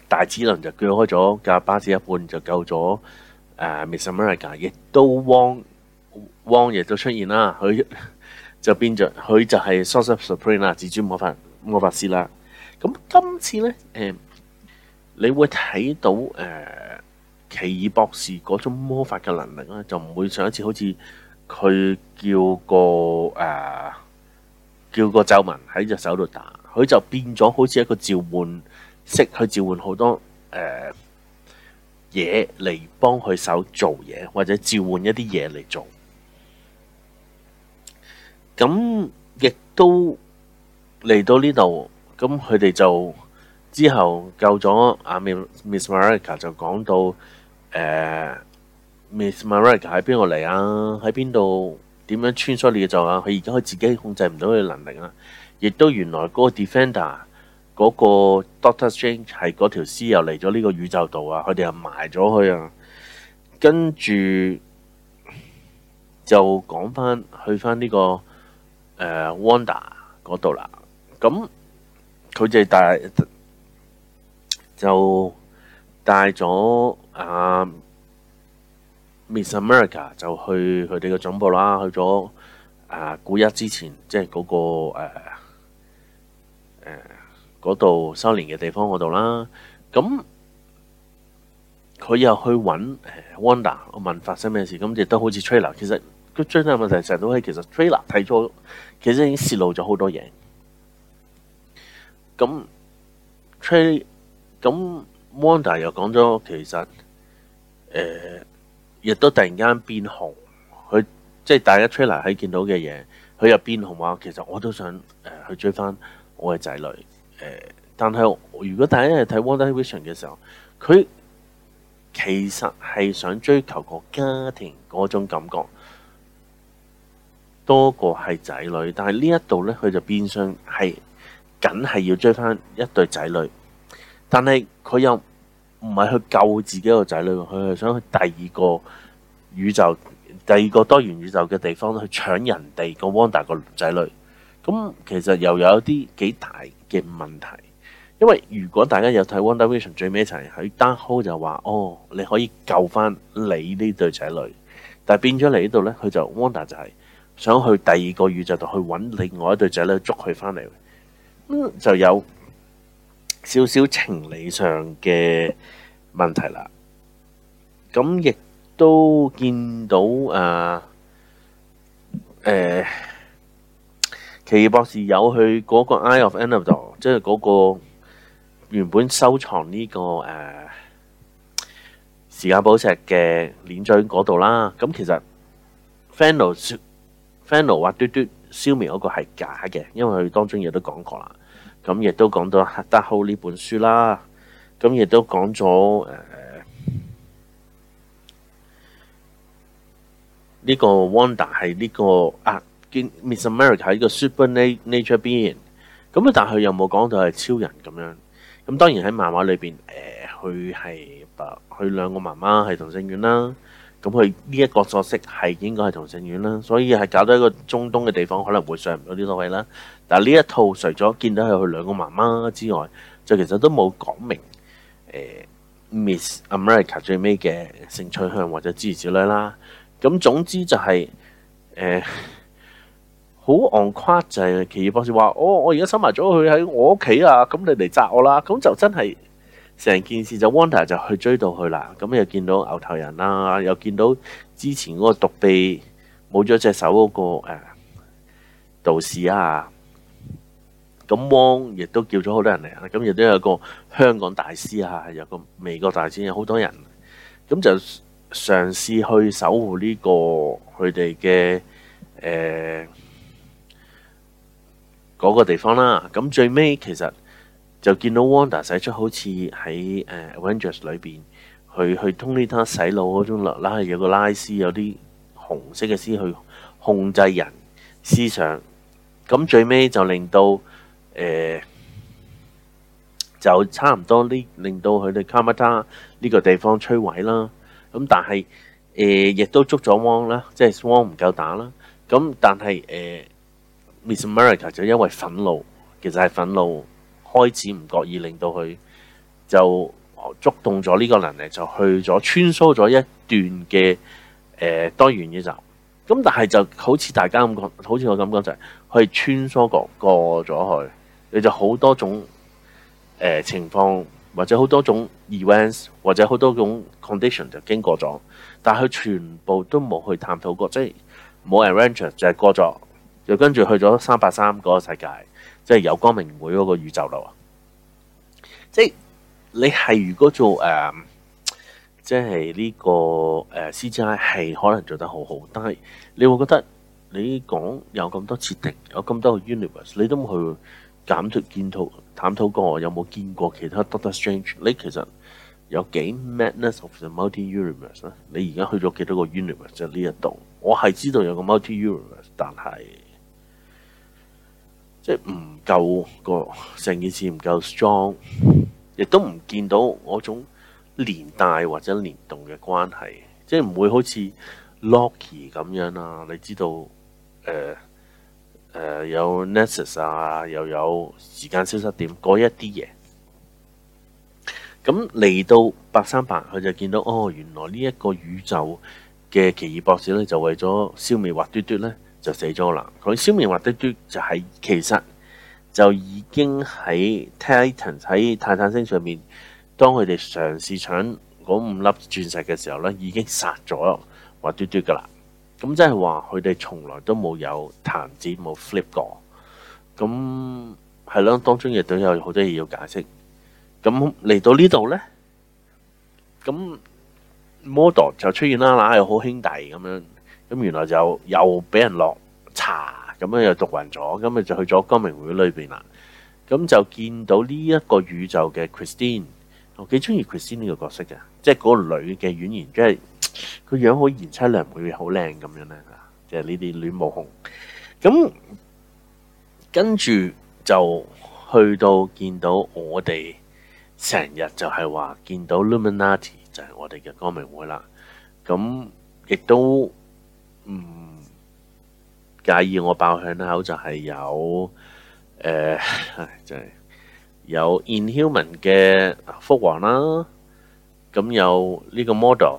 大齒輪，就撬開咗架巴士一半，就救咗誒，Miss America 嘅嘢都汪汪嘢都出現啦！佢就變咗，佢就係 Sorcerer Supreme 啦，至尊魔法魔法師啦。咁今次咧誒、呃，你會睇到誒、呃、奇異博士嗰種魔法嘅能力咧，就唔會上一次好似佢叫個誒。呃叫個咒文喺隻手度打，佢就變咗好似一個召喚式去召喚好多誒嘢嚟幫佢手做嘢，或者召喚一啲嘢嚟做。咁亦都嚟到呢度，咁佢哋就之後救咗阿妙 Miss Marica 就講到誒 Miss Marica 喺邊度嚟啊？喺邊度？呃點樣穿梭宇宙啊？佢而家佢自己控制唔到佢嘅能力啦，亦都原來嗰個 defender 嗰個 Doctor Strange 係嗰條屍又嚟咗呢個宇宙度啊！佢哋又埋咗佢啊，跟住就講翻去翻呢、這個誒、呃、Wanda 嗰度啦。咁佢哋帶就帶咗啊～就帶了、呃 Miss America 就去佢哋嘅總部啦，去咗啊，古一之前即係嗰、嗰個誒嗰度修煉嘅地方嗰度啦。咁佢又去揾 Wanda 問發生咩事，咁亦都好似 trailer 其。其實個最大問題成日都係其實 trailer 睇錯，其實已經泄露咗好多嘢。咁 trailer 咁 Wanda 又講咗其實誒。呃亦都突然間變紅，佢即係大家出嚟喺見到嘅嘢，佢又變紅話：其實我都想誒、呃、去追翻我嘅仔女。誒、呃，但係如果大家一係睇《WandaVision》嘅時候，佢其實係想追求個家庭嗰種感覺，多過係仔女。但係呢一度咧，佢就變相係梗係要追翻一對仔女，但係佢又。唔係去救自己個仔女，佢係想去第二個宇宙、第二個多元宇宙嘅地方去搶人哋個 Wanda 個仔女。咁其實又有啲幾大嘅問題，因為如果大家有睇 WandaVision 最尾一集喺 Darkhold 就話：哦，你可以救翻你呢對仔女，但係變咗嚟呢度呢，佢就 Wanda 就係、是、想去第二個宇宙度去揾另外一對仔女捉佢翻嚟，咁就有。少少情理上嘅問題啦，咁亦都見到啊，誒、啊，奇異博士有去嗰個 Eye of Agamotto，即係嗰個原本收藏呢、這個誒、啊、時間寶石嘅鏈錶嗰度啦。咁其實 f a n n o f a n n o 話嘟嘟消滅嗰個係假嘅，因為佢當中亦都講過啦。咁亦都講到《Darkhold》呢本書啦，咁亦都講咗誒呢個 Wanda 係呢、這個啊 Miss America 係個 Super Nature Being，咁啊，但佢又冇講到係超人咁樣。咁當然喺漫畫裏邊誒，佢係白佢兩個媽媽係同性戀啦。咁佢呢一個角色係應該係同性戀啦，所以係搞到一個中東嘅地方可能會上唔到啲所謂啦。但呢一套除咗見到有佢兩個媽媽之外，就其實都冇講明、呃、Miss America 最尾嘅性取向或者諸如此類啦。咁總之就係誒好昂誇，呃、很 on 就係奇異博士話：哦，我而家收埋咗佢喺我屋企啊！咁你嚟抓我啦！咁就真係成件事就 Wanda 就去追到佢啦。咁又見到牛頭人啦，又見到之前嗰個獨臂冇咗隻手嗰、那個誒、呃、道士啊！咁汪亦都叫咗好多人嚟啊！咁亦都有個香港大師啊，有個美國大師，有好多人，咁就嘗試去守護呢個佢哋嘅誒嗰個地方啦。咁最尾其實就見到 Wanda 使出好似喺誒 Avengers 裏邊，佢去，去通呢啲洗腦嗰種啦，有個拉絲，有啲紅色嘅絲去控制人思想。咁最尾就令到。誒、呃、就差唔多啲，令到佢哋卡馬達呢個地方摧毀啦。咁但係誒、呃，亦都捉咗汪啦，即係汪唔夠打啦。咁但係誒，Miss America 就因為憤怒，其實係憤怒開始唔覺意，令到佢就觸動咗呢個能力，就去咗穿梭咗一段嘅誒、呃、多元宇宙。咁但係就好似大家咁講，好似我咁講就係、是、去穿梭過過咗去。你就好多種誒、呃、情況，或者好多種 events，或者好多種 condition 就經過咗，但佢全部都冇去探討過，即係冇 arrangement 就是、過咗，就跟住去咗三百三嗰個世界，即係有光明會嗰個宇宙啦。即係你係如果做誒、呃，即係呢、這個誒 CGI 係可能做得好好，但係你會覺得你講有咁多設定，有咁多嘅 universe，你都冇去。減咗見討探討過，我有冇見過其他 Doctor Strange？你其實有幾 madness of the multiverse 咧？你而家去咗幾多個 universe？就呢一度，我係知道有個 multi universe，但係即係唔夠，個成件事唔夠 strong，亦都唔見到嗰種連帶或者連動嘅關係，即係唔會好似 Loki 咁樣啦。你知道誒？呃誒、呃、有 Nexus 啊，又有時間消失點嗰一啲嘢，咁嚟到八三八，佢就見到哦，原來呢一個宇宙嘅奇異博士咧，就為咗消滅滑嘟嘟咧，就死咗啦。佢消滅滑嘟嘟，就係，就係其實就已經喺 Titan 喺泰坦星上面，當佢哋嘗試搶嗰五粒鑽石嘅時候咧，已經殺咗滑嘟嘟噶啦。咁即係話佢哋從來都冇有彈指冇 flip 過，咁係咯，當中亦都有好多嘢要解釋。咁嚟到呢度呢，咁 model 就出現啦，嗱，又好兄弟咁樣，咁原來就又俾人落茶咁樣，又讀暈咗，咁啊就去咗光明會裏邊啦。咁就見到呢一個宇宙嘅 Christine，我幾中意 Christine 呢個角色嘅，即係嗰個女嘅演員，即係。個樣好，賢差良會好靚咁樣咧，就係呢啲暖毛紅咁。跟住就去到見到我哋成日就係話見到 Luminati 就係我哋嘅光明會啦。咁亦都唔、嗯、介意我爆響口就係、呃，就係有誒，就係有 Inhuman 嘅福王啦。咁有呢個 Model。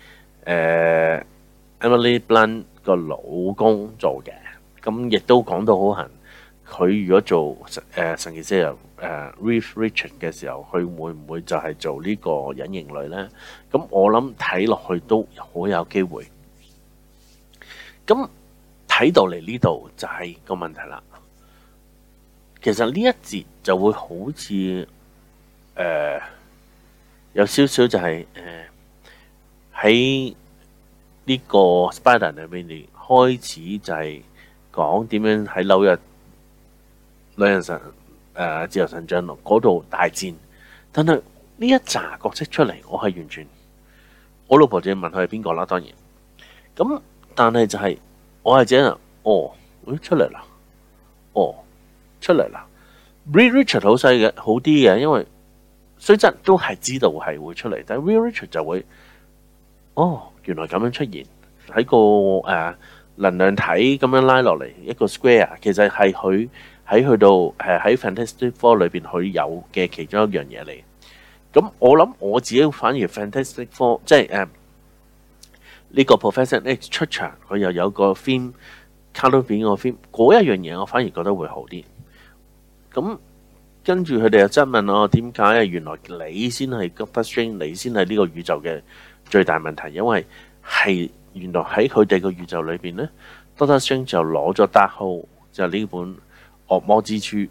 誒、uh, Emily Blunt 個老公做嘅，咁亦都講到好痕。佢如果做誒、呃、神奇先生誒 Reed Richards 嘅時候，佢會唔會就係做呢個隱形女咧？咁我諗睇落去都好有機會。咁睇到嚟呢度就係個問題啦。其實呢一節就會好似誒、呃、有少少就係、是、誒。喺呢個 Spider 裏邊，你開始就係講點樣喺紐約、紐約神誒、呃、自由神像嗰度大戰。但係呢一揸角色出嚟，我係完全我老婆就要問佢係邊個啦。當然咁，但係就係、是、我係這樣哦，誒出嚟啦，哦出嚟啦。Reed Richards 的好細嘅好啲嘅，因為雖則都係知道係會出嚟，但係 Reed Richards 就會。哦，原來咁樣出現喺個誒、啊、能量體咁樣拉落嚟一個 square，其實係佢喺去到誒喺、啊、Fantastic Four 裏邊佢有嘅其中一樣嘢嚟。咁我諗我自己反而 Fantastic Four 即係誒呢個 Professor X 出場，佢又有個 film 卡通片個 film 嗰一樣嘢，我反而覺得會好啲。咁跟住佢哋又質問我點解啊？原來你先係 Doctor Strange，你先係呢個宇宙嘅。最大問題，因為係原來喺佢哋個宇宙裏邊咧，Doctor Strange 就攞咗 Darkhold，就呢本惡魔之書、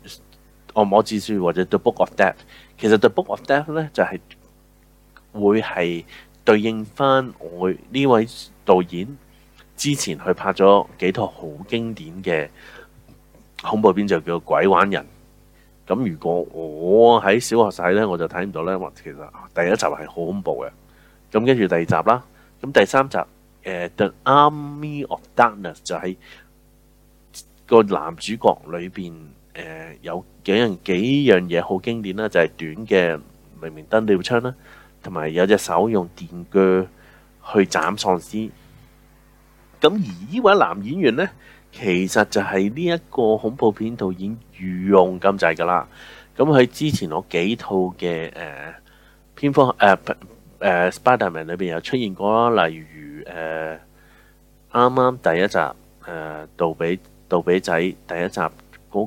惡魔之書或者 The Book of Death。其實 The Book of Death 呢就係、是、會係對應翻我呢位導演之前去拍咗幾套好經典嘅恐怖片，就叫鬼玩人。咁如果我喺小學仔呢，我就睇唔到咧。其實第一集係好恐怖嘅。咁跟住第二集啦，咁第三集誒《The Army of Darkness》就係個男主角裏邊誒有幾樣幾樣嘢好經典啦，就係短嘅明明燈吊槍啦，同埋有隻手用電鋸去斬喪屍。咁而呢位男演員呢，其實就係呢一個恐怖片導演御用咁滯噶啦。咁佢之前攞幾套嘅誒編科誒。誒《Spiderman》裏邊有出現過啦，例如誒啱啱第一集誒杜比杜比仔第一集嗰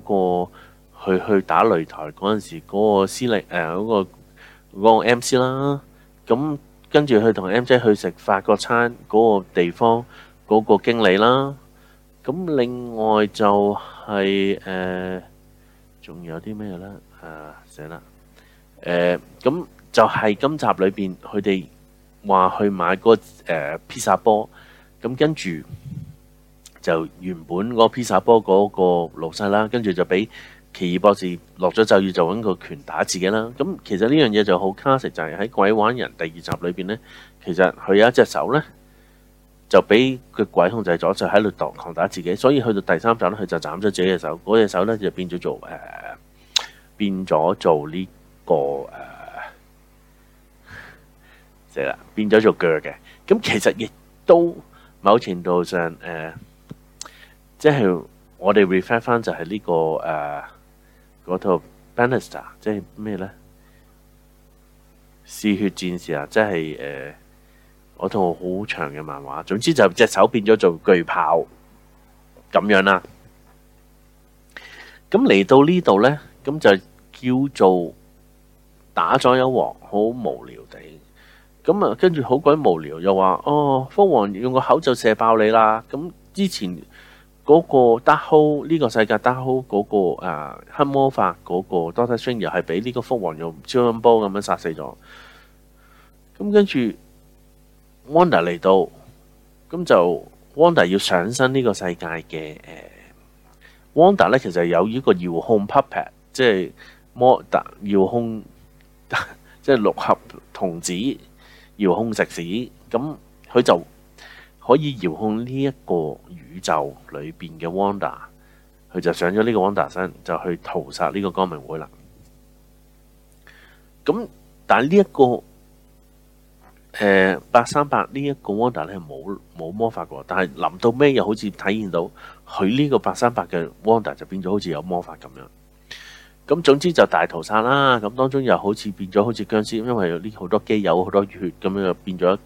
個佢去打擂台嗰陣時嗰個司力誒嗰個嗰個 MC 啦，咁跟住佢同 MJ 去食法國餐嗰個地方嗰個經理啦，咁另外就係誒仲有啲咩咧？啊，寫啦誒咁。就係今集裏邊，佢哋話去買個誒披薩波，咁跟住就原本嗰個披薩波嗰個老細啦，跟住就俾奇異博士落咗咒語，就揾個拳打自己啦。咁其實呢樣嘢就好卡實，就係喺鬼玩人第二集裏邊呢，其實佢有一隻手呢，就俾個鬼控制咗，就喺度度狂打自己。所以去到第三集呢，佢就斬咗自己隻手，嗰隻手呢，就變咗做誒，變咗做呢個誒。呃啫變咗做腳嘅咁，其實亦都某程度上誒、呃，即係我哋 reflect 翻就係，這個呃、呢個誒嗰套《Banister》即係咩呢？《嗜血戰士》啊，即係誒嗰套好長嘅漫畫。總之就隻手變咗做巨炮咁樣啦。咁嚟到呢度呢，咁就叫做打咗一鑊，好無聊地。咁啊，跟住好鬼無聊，又話哦，蜂王用個口罩射爆你啦！咁之前嗰個 Darkhold 呢個世界 Darkhold 嗰個、呃、黑魔法嗰個 Doctor Strange 又係俾呢個蜂王用超音波咁樣殺死咗。咁跟住 Wanda 嚟到，咁就 Wanda 要上身呢個世界嘅 Wanda 咧，其實有呢個遙控 puppet，即係魔遙控，即係六合童子。遙控食屎，咁佢就可以遙控呢一個宇宙裏面嘅 Wanda，佢就上咗呢個 Wanda 身，就去屠殺呢個光明會啦。咁但係呢一個誒八三八呢一個 Wanda 咧，冇冇魔法喎。但係臨到尾又好似體現到佢呢個八三八嘅 Wanda 就變咗好似有魔法咁樣。咁總之就大屠殺啦，咁當中又好似變咗好似僵屍，因為啲好多機油好多血咁樣又變咗。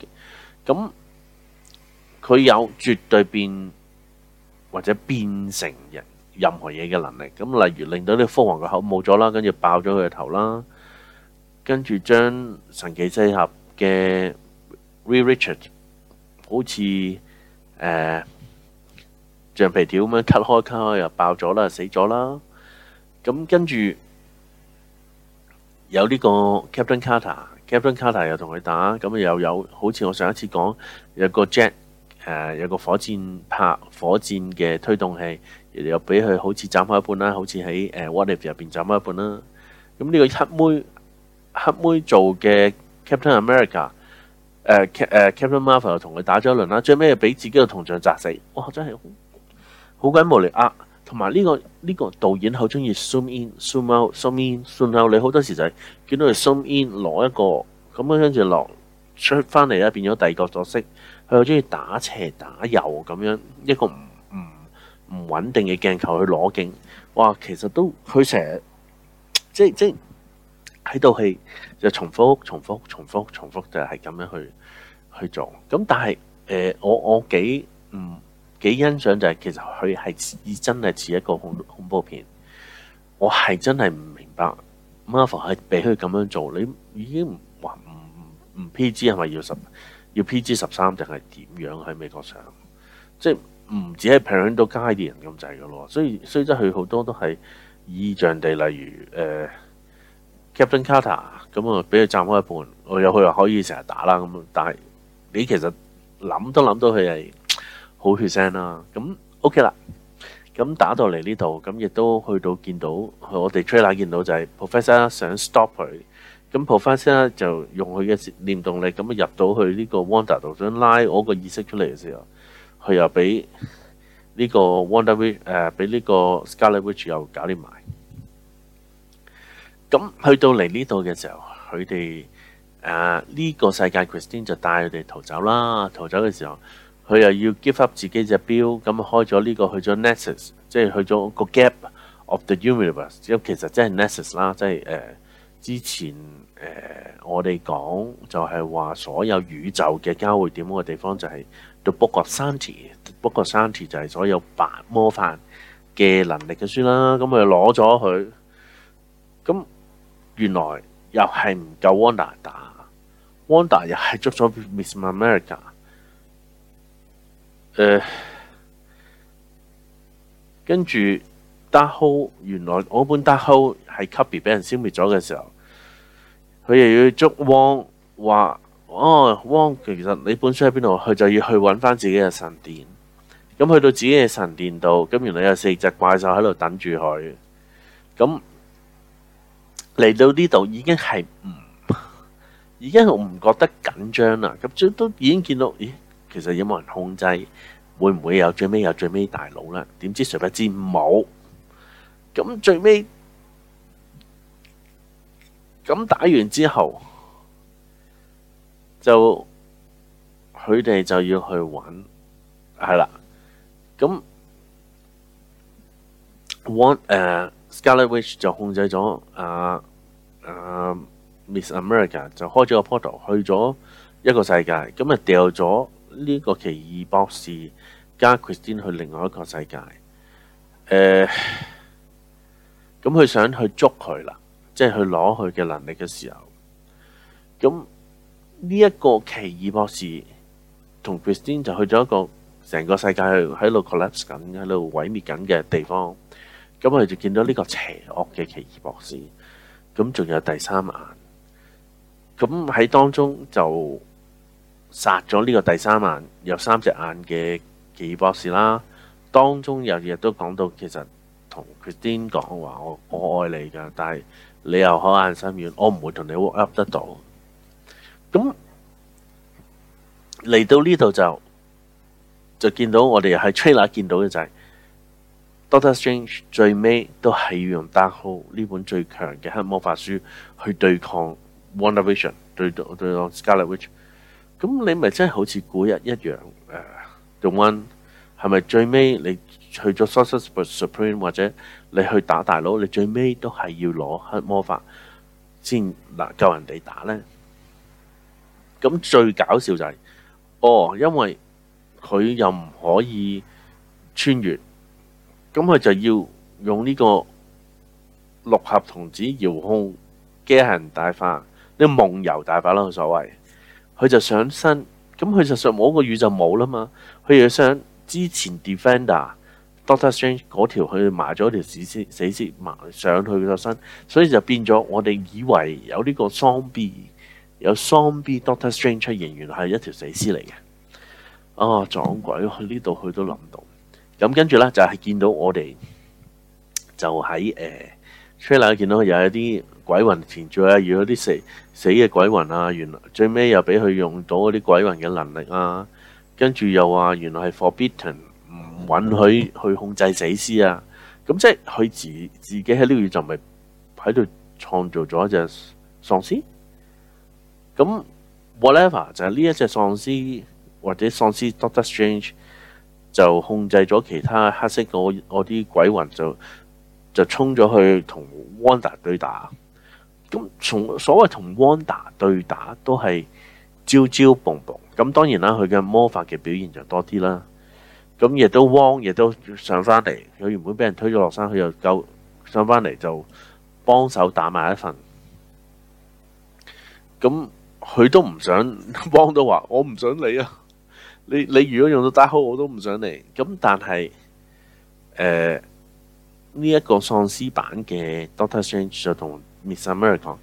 咁佢有絕對變或者變成人任何嘢嘅能力。咁例如令到啲蝠王嘅口冇咗啦，跟住爆咗佢嘅頭啦，跟住將神奇四俠嘅 Reed Richards 好似誒、呃、橡皮條咁樣 cut 開 cut 開又爆咗啦，死咗啦。咁跟住有呢個 Captain Carter，Captain Carter 又同佢打，咁又有好似我上一次講有個 jet，誒有個火箭拍火箭嘅推動器，又俾佢好似斬開一半啦，好似喺誒 What If 入邊斬開一半啦。咁呢個黑妹黑妹做嘅 Captain America，誒、呃、誒 Captain Marvel 又同佢打咗一輪啦，最尾又俾自己個銅像砸死，哇！真係好好鬼無力呃。同埋呢個呢個導演好中意 zoom in zoom out zoom in，zoom out。你好多時就係見到佢 zoom in 攞一個咁樣跟住落出翻嚟啦，變咗第二個角色。佢好中意打斜打油咁樣一個唔唔唔穩定嘅鏡頭去攞景。哇！其實都佢成日即即喺度戲就重複重複重複重複，就係咁樣去去做。咁但係、呃、我我幾唔、嗯幾欣賞就係其實佢係似真係似一個恐恐怖片，我係真係唔明白 Marvel 係俾佢咁樣做，你已經唔話唔唔 PG 係咪要十要 PG 十三定係點樣喺美國上？即係唔止係評量到街啲人咁滯嘅咯，所以所以即係佢好多都係意象地，例如誒、呃、Captain Carter 咁啊，俾佢斬開一半，我有佢又可以成日打啦咁。但係你其實諗都諗到佢係。好血腥啦、啊，咁 OK 啦，咁打到嚟呢度，咁亦都去到見到我哋 trailer 見到就係 professor 想 stop 佢，咁 professor 就用佢嘅念動力咁入到去呢個 wanda 度想拉我個意識出嚟嘅時候，佢又俾呢個 wanda which 誒俾呢個 scarlet witch 又搞掂埋，咁去到嚟呢度嘅時候，佢哋誒呢個世界 christine 就帶佢哋逃走啦，逃走嘅時候。佢又要 give up 自己隻表，咁開咗呢、呢個去咗 nexus，即係去咗個 gap of the universe，其實即係 nexus，即係 nexus 啦，即係誒之前誒、呃、我哋講就係話所有宇宙嘅交匯點嗰個地方就係 the book of sanity，book of sanity 就係所有白魔法嘅能力嘅書啦，咁佢攞咗佢，咁原來又係唔夠汪達打，w n 汪達又係捉咗 miss america。誒、呃，跟住達 o 原來我本達寇係級別俾人消滅咗嘅時候，佢又要捉汪，話哦汪，其實你本書喺邊度？佢就要去揾翻自己嘅神殿。咁去到自己嘅神殿度，咁原來有四隻怪獸喺度等住佢。咁嚟到呢度已經係唔，已經我唔覺得緊張啦。咁都已經見到，咦？其實有冇人控制？會唔會有最尾有最尾大佬咧？點知，誰不知冇咁最尾，咁打完之後，就佢哋就要去揾係啦。咁，one 誒、uh,，Scarlet Witch 就控制咗啊、uh, uh, Miss America 就開咗個 portal 去咗一個世界，咁啊掉咗。呢、這個奇異博士加 Christine 去另外一個世界，誒、呃，咁佢想去捉佢啦，即係去攞佢嘅能力嘅時候，咁呢一個奇異博士同 Christine 就去咗一個成個世界喺度 collapse 緊、喺度毀滅緊嘅地方，咁佢就見到呢個邪惡嘅奇異博士，咁仲有第三眼，咁喺當中就。殺咗呢個第三眼有三隻眼嘅奇異博士啦，當中有日都講到其實同 Christine 講話我我愛你噶，但係你又可眼心軟，我唔會同你 work up 得到。咁嚟到呢度就就見到我哋喺 trailer 見到嘅就係 Doctor Strange 最尾都係要用 Darkhold 呢本最強嘅黑魔法書去對抗 WandaVision 對對，對 Scarlet Witch。咁你咪真係好似古一一樣，誒，同 One 係咪最尾你去咗 Sorcerer Supreme 或者你去打大佬，你最尾都係要攞黑魔法先嗱夠人哋打咧？咁最搞笑就係，哦，因為佢又唔可以穿越，咁佢就要用呢個六合童子遙控機械人大法，啲、這個、夢遊大法啦，所謂。佢就上身，咁佢就上冇個月就冇啦嘛。佢又上之前 Defender Doctor Strange 嗰條佢埋咗條死屍，死屍埋上去個身，所以就變咗我哋以為有呢個 Zombie 有 Zombie Doctor Strange 出現，原來係一條死屍嚟嘅。啊，撞鬼！佢呢度佢都諗到。咁跟住咧就係、是、見到我哋就喺誒出嚟啊！見到又係啲鬼魂纏住啊，如果啲死死嘅鬼魂啊，原來最尾又俾佢用到嗰啲鬼魂嘅能力啊，跟住又話原來係 forbidden 唔允許去控制死屍啊，咁即係佢自自己喺呢個宇宙就咪喺度創造咗一隻喪屍。咁 whatever 就係呢一隻喪屍或者喪屍 Doctor Strange 就控制咗其他黑色嗰啲鬼魂就。就衝咗去同 Wanda 對打，咁從所謂同 Wanda 對打都係朝朝蓬勃。咁當然啦，佢嘅魔法嘅表現就多啲啦，咁亦都汪亦都上翻嚟，佢原本俾人推咗落山，佢又夠上翻嚟就幫手打埋一份，咁佢都唔想汪 都話我唔想你啊，你你如果用到打好，我都唔想你，咁但係誒。呃呢、這、一個喪屍版嘅 Doctor Strange 就同 Miss America，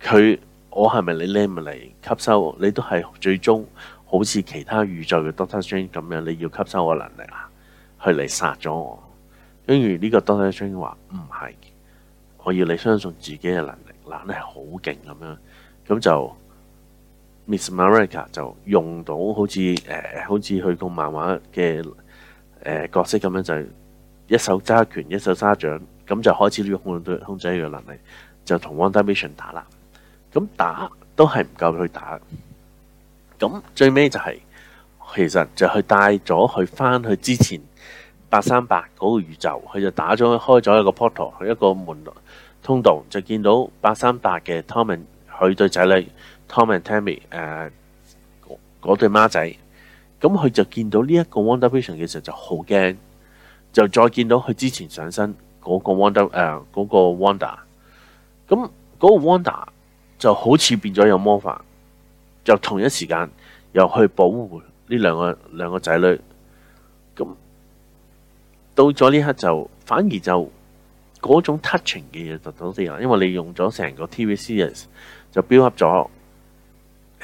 佢我係咪你嚟唔嚟吸收我？你都係最終好似其他宇宙嘅 Doctor Strange 咁樣，你要吸收我能力啦、啊，去嚟殺咗我。跟住呢個 Doctor Strange 話唔係，我要你相信自己嘅能力，嗱、啊、你係好勁咁樣，咁就 Miss America 就用到好似誒、呃、好似佢個漫畫嘅誒角色咁樣就係。一手揸拳，一手揸掌，咁就開始呢個控控制嘅能力，就同 WandaVision 打啦。咁打都係唔夠佢打。咁最尾就係、是，其實就佢帶咗佢翻去之前八三八嗰個宇宙，佢就打咗開咗一個 portal，一個門通道，就見到八三八嘅 Tommy 佢對仔女 Tommy and Tammy 誒、呃、嗰對孖仔，咁佢就見到呢一個 WandaVision 嘅時候就好驚。就再見到佢之前上身嗰個 Wanda，誒、呃、嗰、那個 Wanda，咁嗰個 Wanda 就好似變咗有魔法，就同一時間又去保護呢兩個兩個仔女。咁到咗呢刻就反而就嗰種 touching 嘅嘢就多啲啦，因為你用咗成個 TV series 就 build up 咗，誒、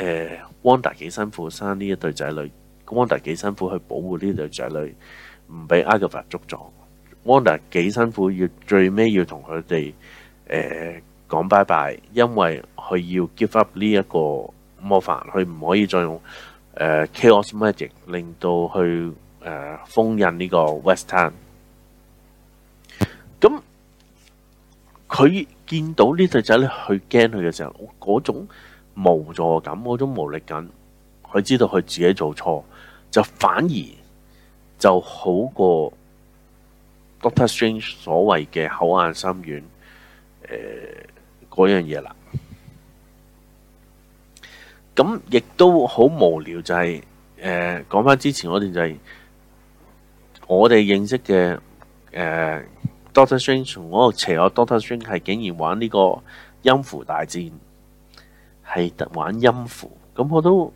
呃、Wanda 幾辛苦生呢一對仔女，Wanda 幾辛苦去保護呢對仔女。唔俾 Agatha 捉咗，Wanda 幾辛苦，要最尾要同佢哋誒講拜拜，因為佢要 give up 呢一個魔法，佢唔可以再用誒、呃、chaos magic 令到去誒、呃、封印呢個 West Town。咁佢見到呢對仔咧，佢驚佢嘅時候，嗰種無助感，嗰種無力感，佢知道佢自己做錯，就反而。就好過 Doctor Strange 所謂嘅口硬心軟誒嗰樣嘢啦，咁亦都好無聊就係誒講翻之前段，我哋就係我哋認識嘅誒、呃、Doctor Strange 從嗰度邪惡 Doctor Strange 係竟然玩呢個音符大戰，係玩音符，咁我都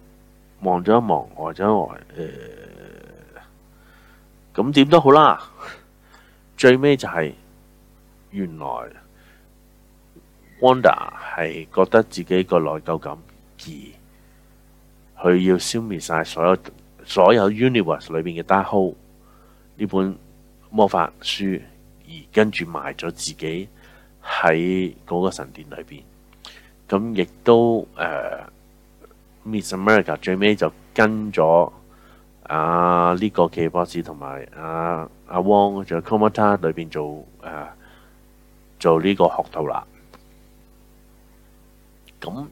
望咗一望，呆咗一呆誒。呃咁點都好啦，最尾就係原來 Wanda 係覺得自己個內疚感，而佢要消滅晒所有所有 Universe 裏面嘅 Darkhold 呢本魔法書，而跟住埋咗自己喺嗰個神殿裏面，咁亦都誒、呃、Miss America 最尾就跟咗。啊！呢、這個奇異博士同埋阿阿汪仲有 Komata 裏邊做誒、啊、做呢個學徒啦，咁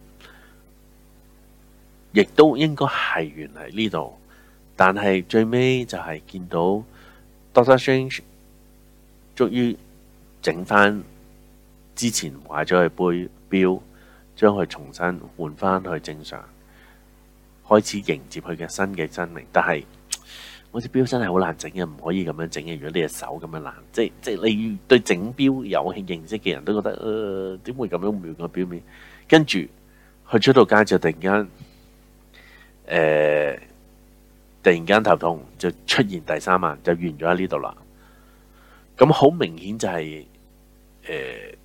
亦都應該係原嚟呢度，但係最尾就係見到 Doctor Strange 終於整翻之前壞咗嘅杯表，將佢重新換翻去正常。開始迎接佢嘅新嘅生命，但係嗰隻錶真係好難整嘅，唔可以咁樣整嘅。如果你隻手咁樣難，即係即係你對整錶有啲認識嘅人都覺得，誒、呃、點會咁樣亂個錶面？跟住去出到街就突然間，誒、呃、突然間頭痛就出現第三眼，就完咗喺呢度啦。咁好明顯就係、是、誒、呃，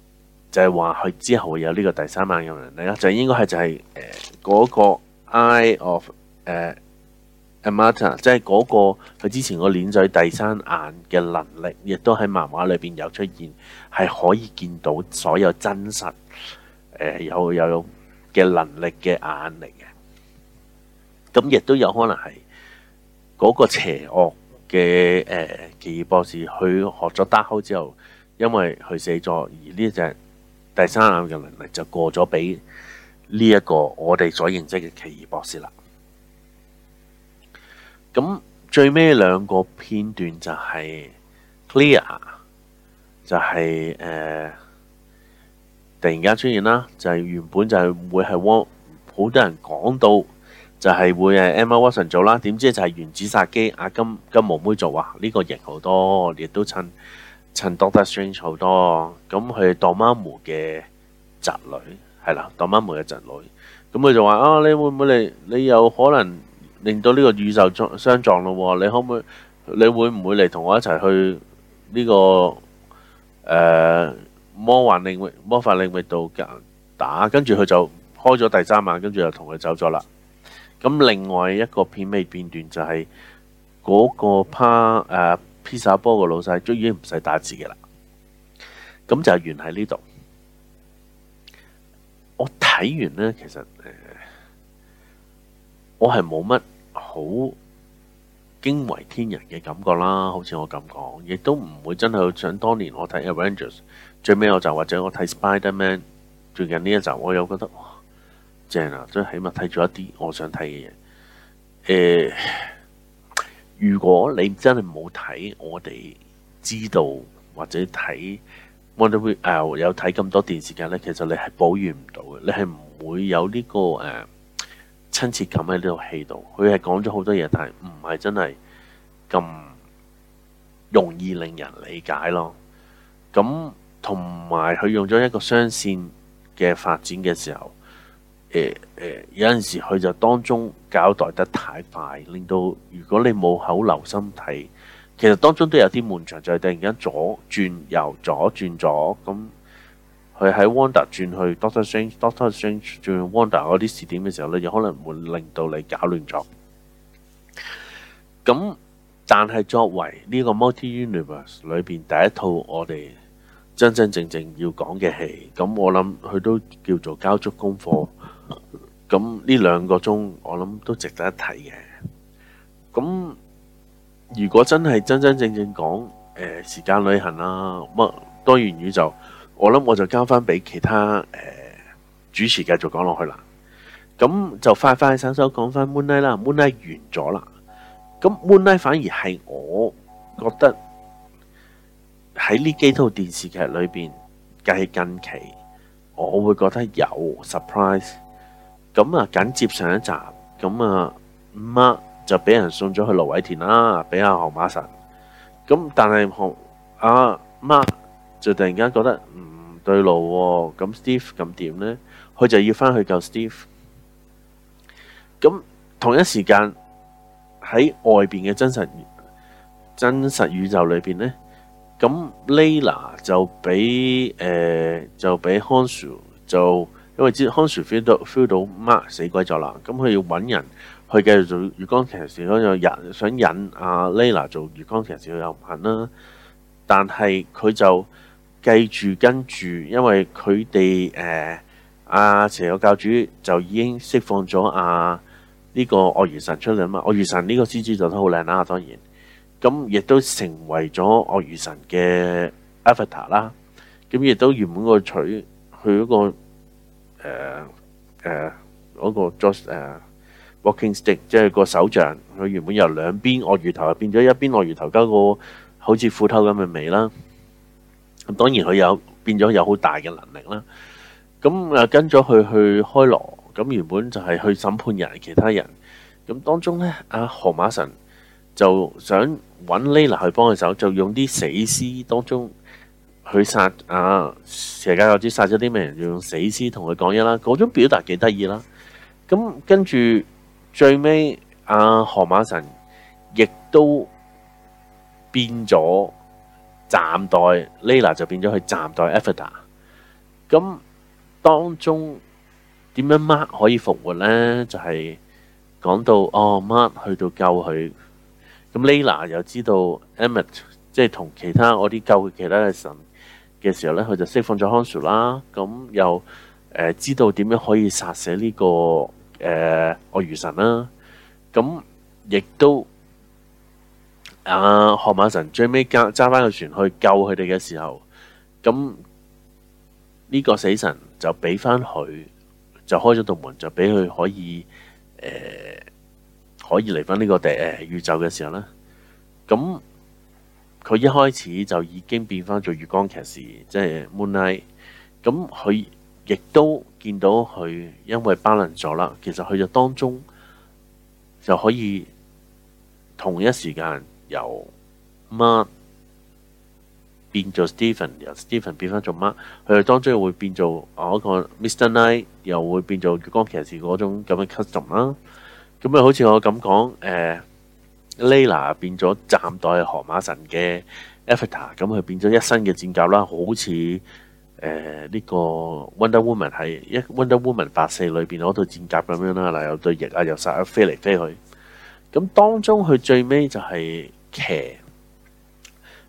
就係話佢之後會有呢個第三眼咁樣咧，就應該係就係誒嗰個。Eye of Amata 即係嗰、那個佢之前個攣仔第三眼嘅能力，亦都喺漫畫裏邊有出現，係可以見到所有真實，誒、呃、有有嘅能力嘅眼嚟嘅。咁亦都有可能係嗰個邪惡嘅誒、呃、奇異博士，佢學咗打開之後，因為佢死咗，而呢隻第三眼嘅能力就過咗俾呢、這、一個我哋所認識嘅奇異博士啦，咁最尾兩個片段就係 Clear 就係、是、誒、呃、突然間出現啦，就係、是、原本就係會係汪好多人講到就係會誒 Emma Watson 做啦，點知就係原子殺機阿金金毛妹做啊？呢、這個型好多，亦都襯襯 Doctor Strange 好多，咁佢當媽咪嘅侄女。係啦，度媽每一陣女，咁佢就話啊，你會唔會嚟？你有可能令到呢個宇宙相撞咯，你可唔會，你會唔會嚟同我一齊去呢、這個誒、呃、魔幻領域、魔法領域度打，跟住佢就開咗第三眼，跟住就同佢走咗啦。咁另外一個片尾片段就係嗰個趴誒披薩波嘅老細終於唔使打字嘅啦，咁就完喺呢度。我睇完呢，其實誒、呃，我係冇乜好驚為天人嘅感覺啦。好似我咁講，亦都唔會真係好想當年我睇 Avengers 最尾嗰集，或者我睇 Spider-Man 最近呢一集，我又覺得哇正啊！所以起碼睇咗一啲我想睇嘅嘢。誒、呃，如果你真係冇睇，我哋知道或者睇。我哋會誒有睇咁多電視劇咧，其實你係保育唔到嘅，你係唔會有呢、這個誒親、呃、切感喺呢套戲度。佢係講咗好多嘢，但係唔係真係咁容易令人理解咯。咁同埋佢用咗一個雙線嘅發展嘅時候，誒、呃、誒、呃，有陣時佢就當中交代得太快，令到如果你冇口留心睇。其實當中都有啲悶場，就係突然間左轉右左轉左，咁佢喺 Wanda 轉去 Doctor Strange，Doctor Strange 轉去 Wanda 嗰啲視點嘅時候呢，有可能會令到你搞亂咗。咁但係作為呢個 Multi Universe 裏邊第一套我哋真真正正要講嘅戲，咁我諗佢都叫做交足功課。咁呢兩個鐘，我諗都值得一睇嘅。咁。如果真係真真正正講誒、呃、時間旅行啦、啊，乜多元宇宙，我諗我就交翻俾其他誒、呃、主持繼續講落去，去啦。咁就快快手手講翻 Moon Knight 啦，Moon Knight 完咗啦。咁 Moon Knight 反而係我覺得喺呢幾套電視劇裏邊，計近期我會覺得有 surprise。咁啊緊接上一集，咁啊五、嗯啊就俾人送咗去蘆葦田啦，俾阿河馬神。咁但係河阿 Marc 就突然間覺得唔、嗯、對路喎、哦。咁 Steve 咁點咧？佢就要翻去救 Steve。咁同一時間喺外邊嘅真實真實宇宙裏邊咧，咁 Layla 就俾誒、呃、就俾 Khonshu 就因為知 Khonshu feel 到 feel 到 Marc 死鬼咗啦。咁佢要搵人。佢繼續做月光騎士，佢又引想引阿 Layla 做月光騎士，佢又唔肯啦。但係佢就繼續跟住，因為佢哋誒阿邪教教主就已經釋放咗阿呢個鱷魚神出嚟啊嘛！鱷魚神呢個獅子就都好靚啦，當然咁亦都成為咗鱷魚神嘅 avatar 啦。咁亦都原本我取佢嗰、那個誒誒嗰個 Josh 誒、呃。Walking stick，即係個手杖。佢原本由兩邊鱷魚頭，變咗一邊鱷魚頭加個好似斧頭咁嘅尾啦。咁當然佢有變咗，有好大嘅能力啦。咁誒、啊、跟咗佢去開羅，咁原本就係去審判人其他人。咁當中咧，阿、啊、河馬神就想揾 Layla 去幫佢手，就用啲死屍當中去殺啊邪教教知殺咗啲咩人？就用死屍同佢講嘢啦，嗰種表達幾得意啦。咁跟住。最尾阿河馬神亦都變咗暫代，Lena 就變咗去暫代 Effida。咁當中點樣 Mark 可以復活咧？就係、是、講到哦 Mark 去到救佢，咁 Lena 又知道 Emmett 即係同其他我啲救其他嘅神嘅時候咧，佢就釋放咗 Khonshu 啦。咁又、呃、知道點樣可以殺死呢、這個？誒、呃，我如神啦，咁亦都阿河、啊、馬神最尾揸揸翻個船去救佢哋嘅時候，咁呢個死神就俾翻佢，就開咗道門，就俾佢可以誒、呃、可以嚟翻呢個地、啊、宇宙嘅時候啦。咁佢一開始就已經變翻做月光騎士，即係 moonlight，咁佢亦都。見到佢因為巴倫咗啦，其實佢就當中就可以同一時間由 Marc 變做 Stephen，由 Stephen 變翻做 Marc，佢哋當中會變做嗰個 Mr. Knight，又會變做月光騎士嗰種咁嘅 custom 啦。咁、呃、啊，好似我咁講，誒 Layla 變咗暫代河馬神嘅 Avatar，咁佢變咗一身嘅戰甲啦，好似～誒、呃、呢、這個 Wonder Woman 喺一 Wonder Woman 八四裏邊嗰套戰甲咁樣啦，嗱，有對翼啊，又殺啊飛嚟飛去。咁當中佢最尾就係騎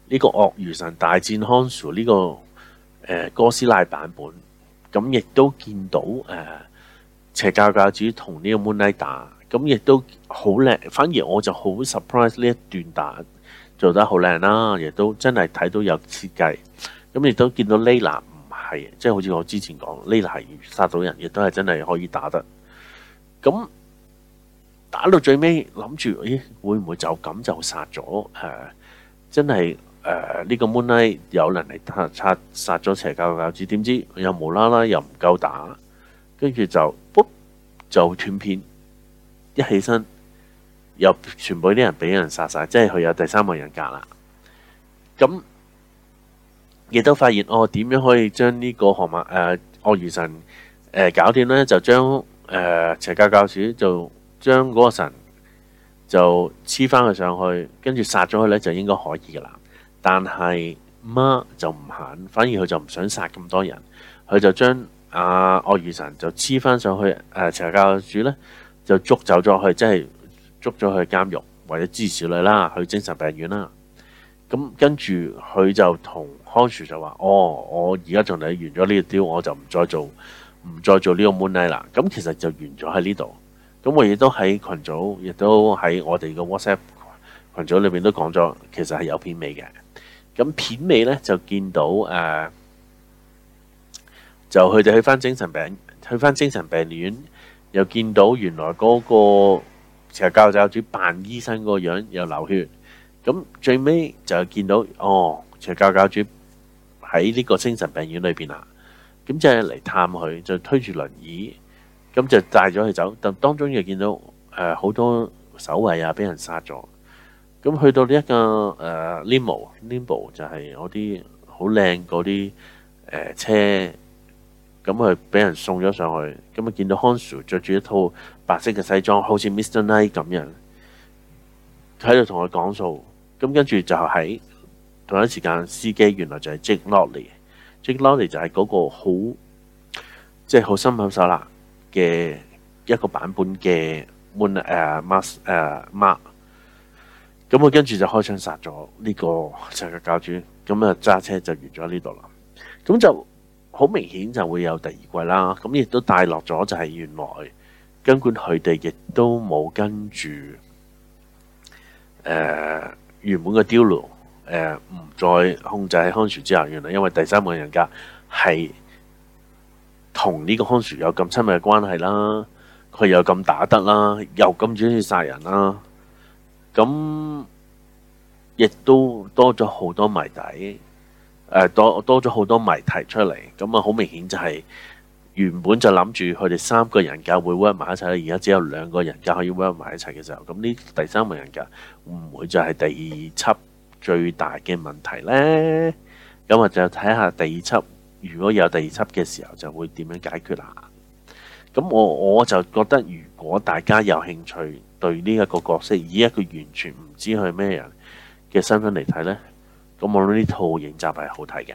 呢、這個鱷魚神大戰康叔呢個誒、呃、哥斯拉版本，咁亦都見到誒、呃、邪教教主同呢個 Moon Knight，咁亦都好靚。反而我就好 surprise 呢一段打做得好靚啦，亦都真係睇到有設計，咁亦都見到 Layla。係，即係好似我之前講，呢粒係殺到人，亦都係真係可以打得。咁打到最尾，諗住咦會唔會就咁就殺咗？誒、呃，真係誒呢個 Moon Knight 有人嚟殺殺殺咗邪教教主，點知又無啦啦又唔夠打，跟住就卜就斷片，一起身又全部啲人俾人殺晒，即係佢有第三個人格啦。咁。亦都發現哦，點樣可以將呢個河馬誒鱷魚神誒搞掂咧？就將誒、呃、邪教教主就將嗰個神就黐翻佢上去，跟住殺咗佢咧，就應該可以噶啦。但係媽，媽就唔肯，反而佢就唔想殺咁多人，佢就將啊鱷魚神就黐翻上去誒、呃、邪教教主咧，就捉走咗佢，即係捉咗佢去監獄，或者支持你啦，去精神病院啦。咁跟住佢就同康樹就話：哦，我而家仲嚟完咗呢啲，我就唔再做，唔再做呢個 Moon Knight 啦。咁其實就完咗喺呢度。咁我亦都喺群組，亦都喺我哋嘅 WhatsApp 群組裏邊都講咗，其實係有片尾嘅。咁片尾呢，就見到誒、呃，就佢哋去翻精神病，去翻精神病院，又見到原來嗰、嗰個成教教主扮醫生個樣又流血。咁最尾就係見到，哦，邪教教主喺呢個精神病院裏面啦。咁就嚟探佢，就推住輪椅，咁就帶咗佢走。但當中又見到誒好多守衛啊，俾人殺咗。咁去到呢一個誒 limo limo 就係嗰啲好靚嗰啲誒車，咁佢俾人送咗上去。咁啊見到康叔着住一套白色嘅西裝，好似 Mr Knight 咁樣，喺度同佢講數。咁跟住就喺同一時間，司機原來就係 Jake Lockley。Jake Lockley 就係嗰個好即係好心狠手辣嘅一個版本嘅 Moon 誒 Mas 誒 Mark。咁佢跟住就開槍殺咗呢個成個教主。咁啊揸車就完咗呢度啦。咁就好明顯就會有第二季啦。咁亦都帶落咗就係原來根，根管佢哋亦都冇跟住誒。原本嘅碉樓，誒唔再控制喺康樹之下，原來因為第三人家是跟這個人格係同呢個康樹有咁親密嘅關係啦，佢又咁打得啦，又咁鍾意殺人啦，咁亦都多咗好多謎底，誒、呃、多多咗好多謎題出嚟，咁啊好明顯就係、是。原本就諗住佢哋三個人格會 work 埋一齊，而家只有兩個人格可以 work 埋一齊嘅時候，咁呢第三個人格唔會就係第二輯最大嘅問題呢？咁我就睇下第二輯如果有第二輯嘅時候，就會點樣解決啦。咁我我就覺得，如果大家有興趣對呢一個角色，以一個完全唔知佢咩人嘅身份嚟睇呢，咁我覺得呢套影集係好睇嘅。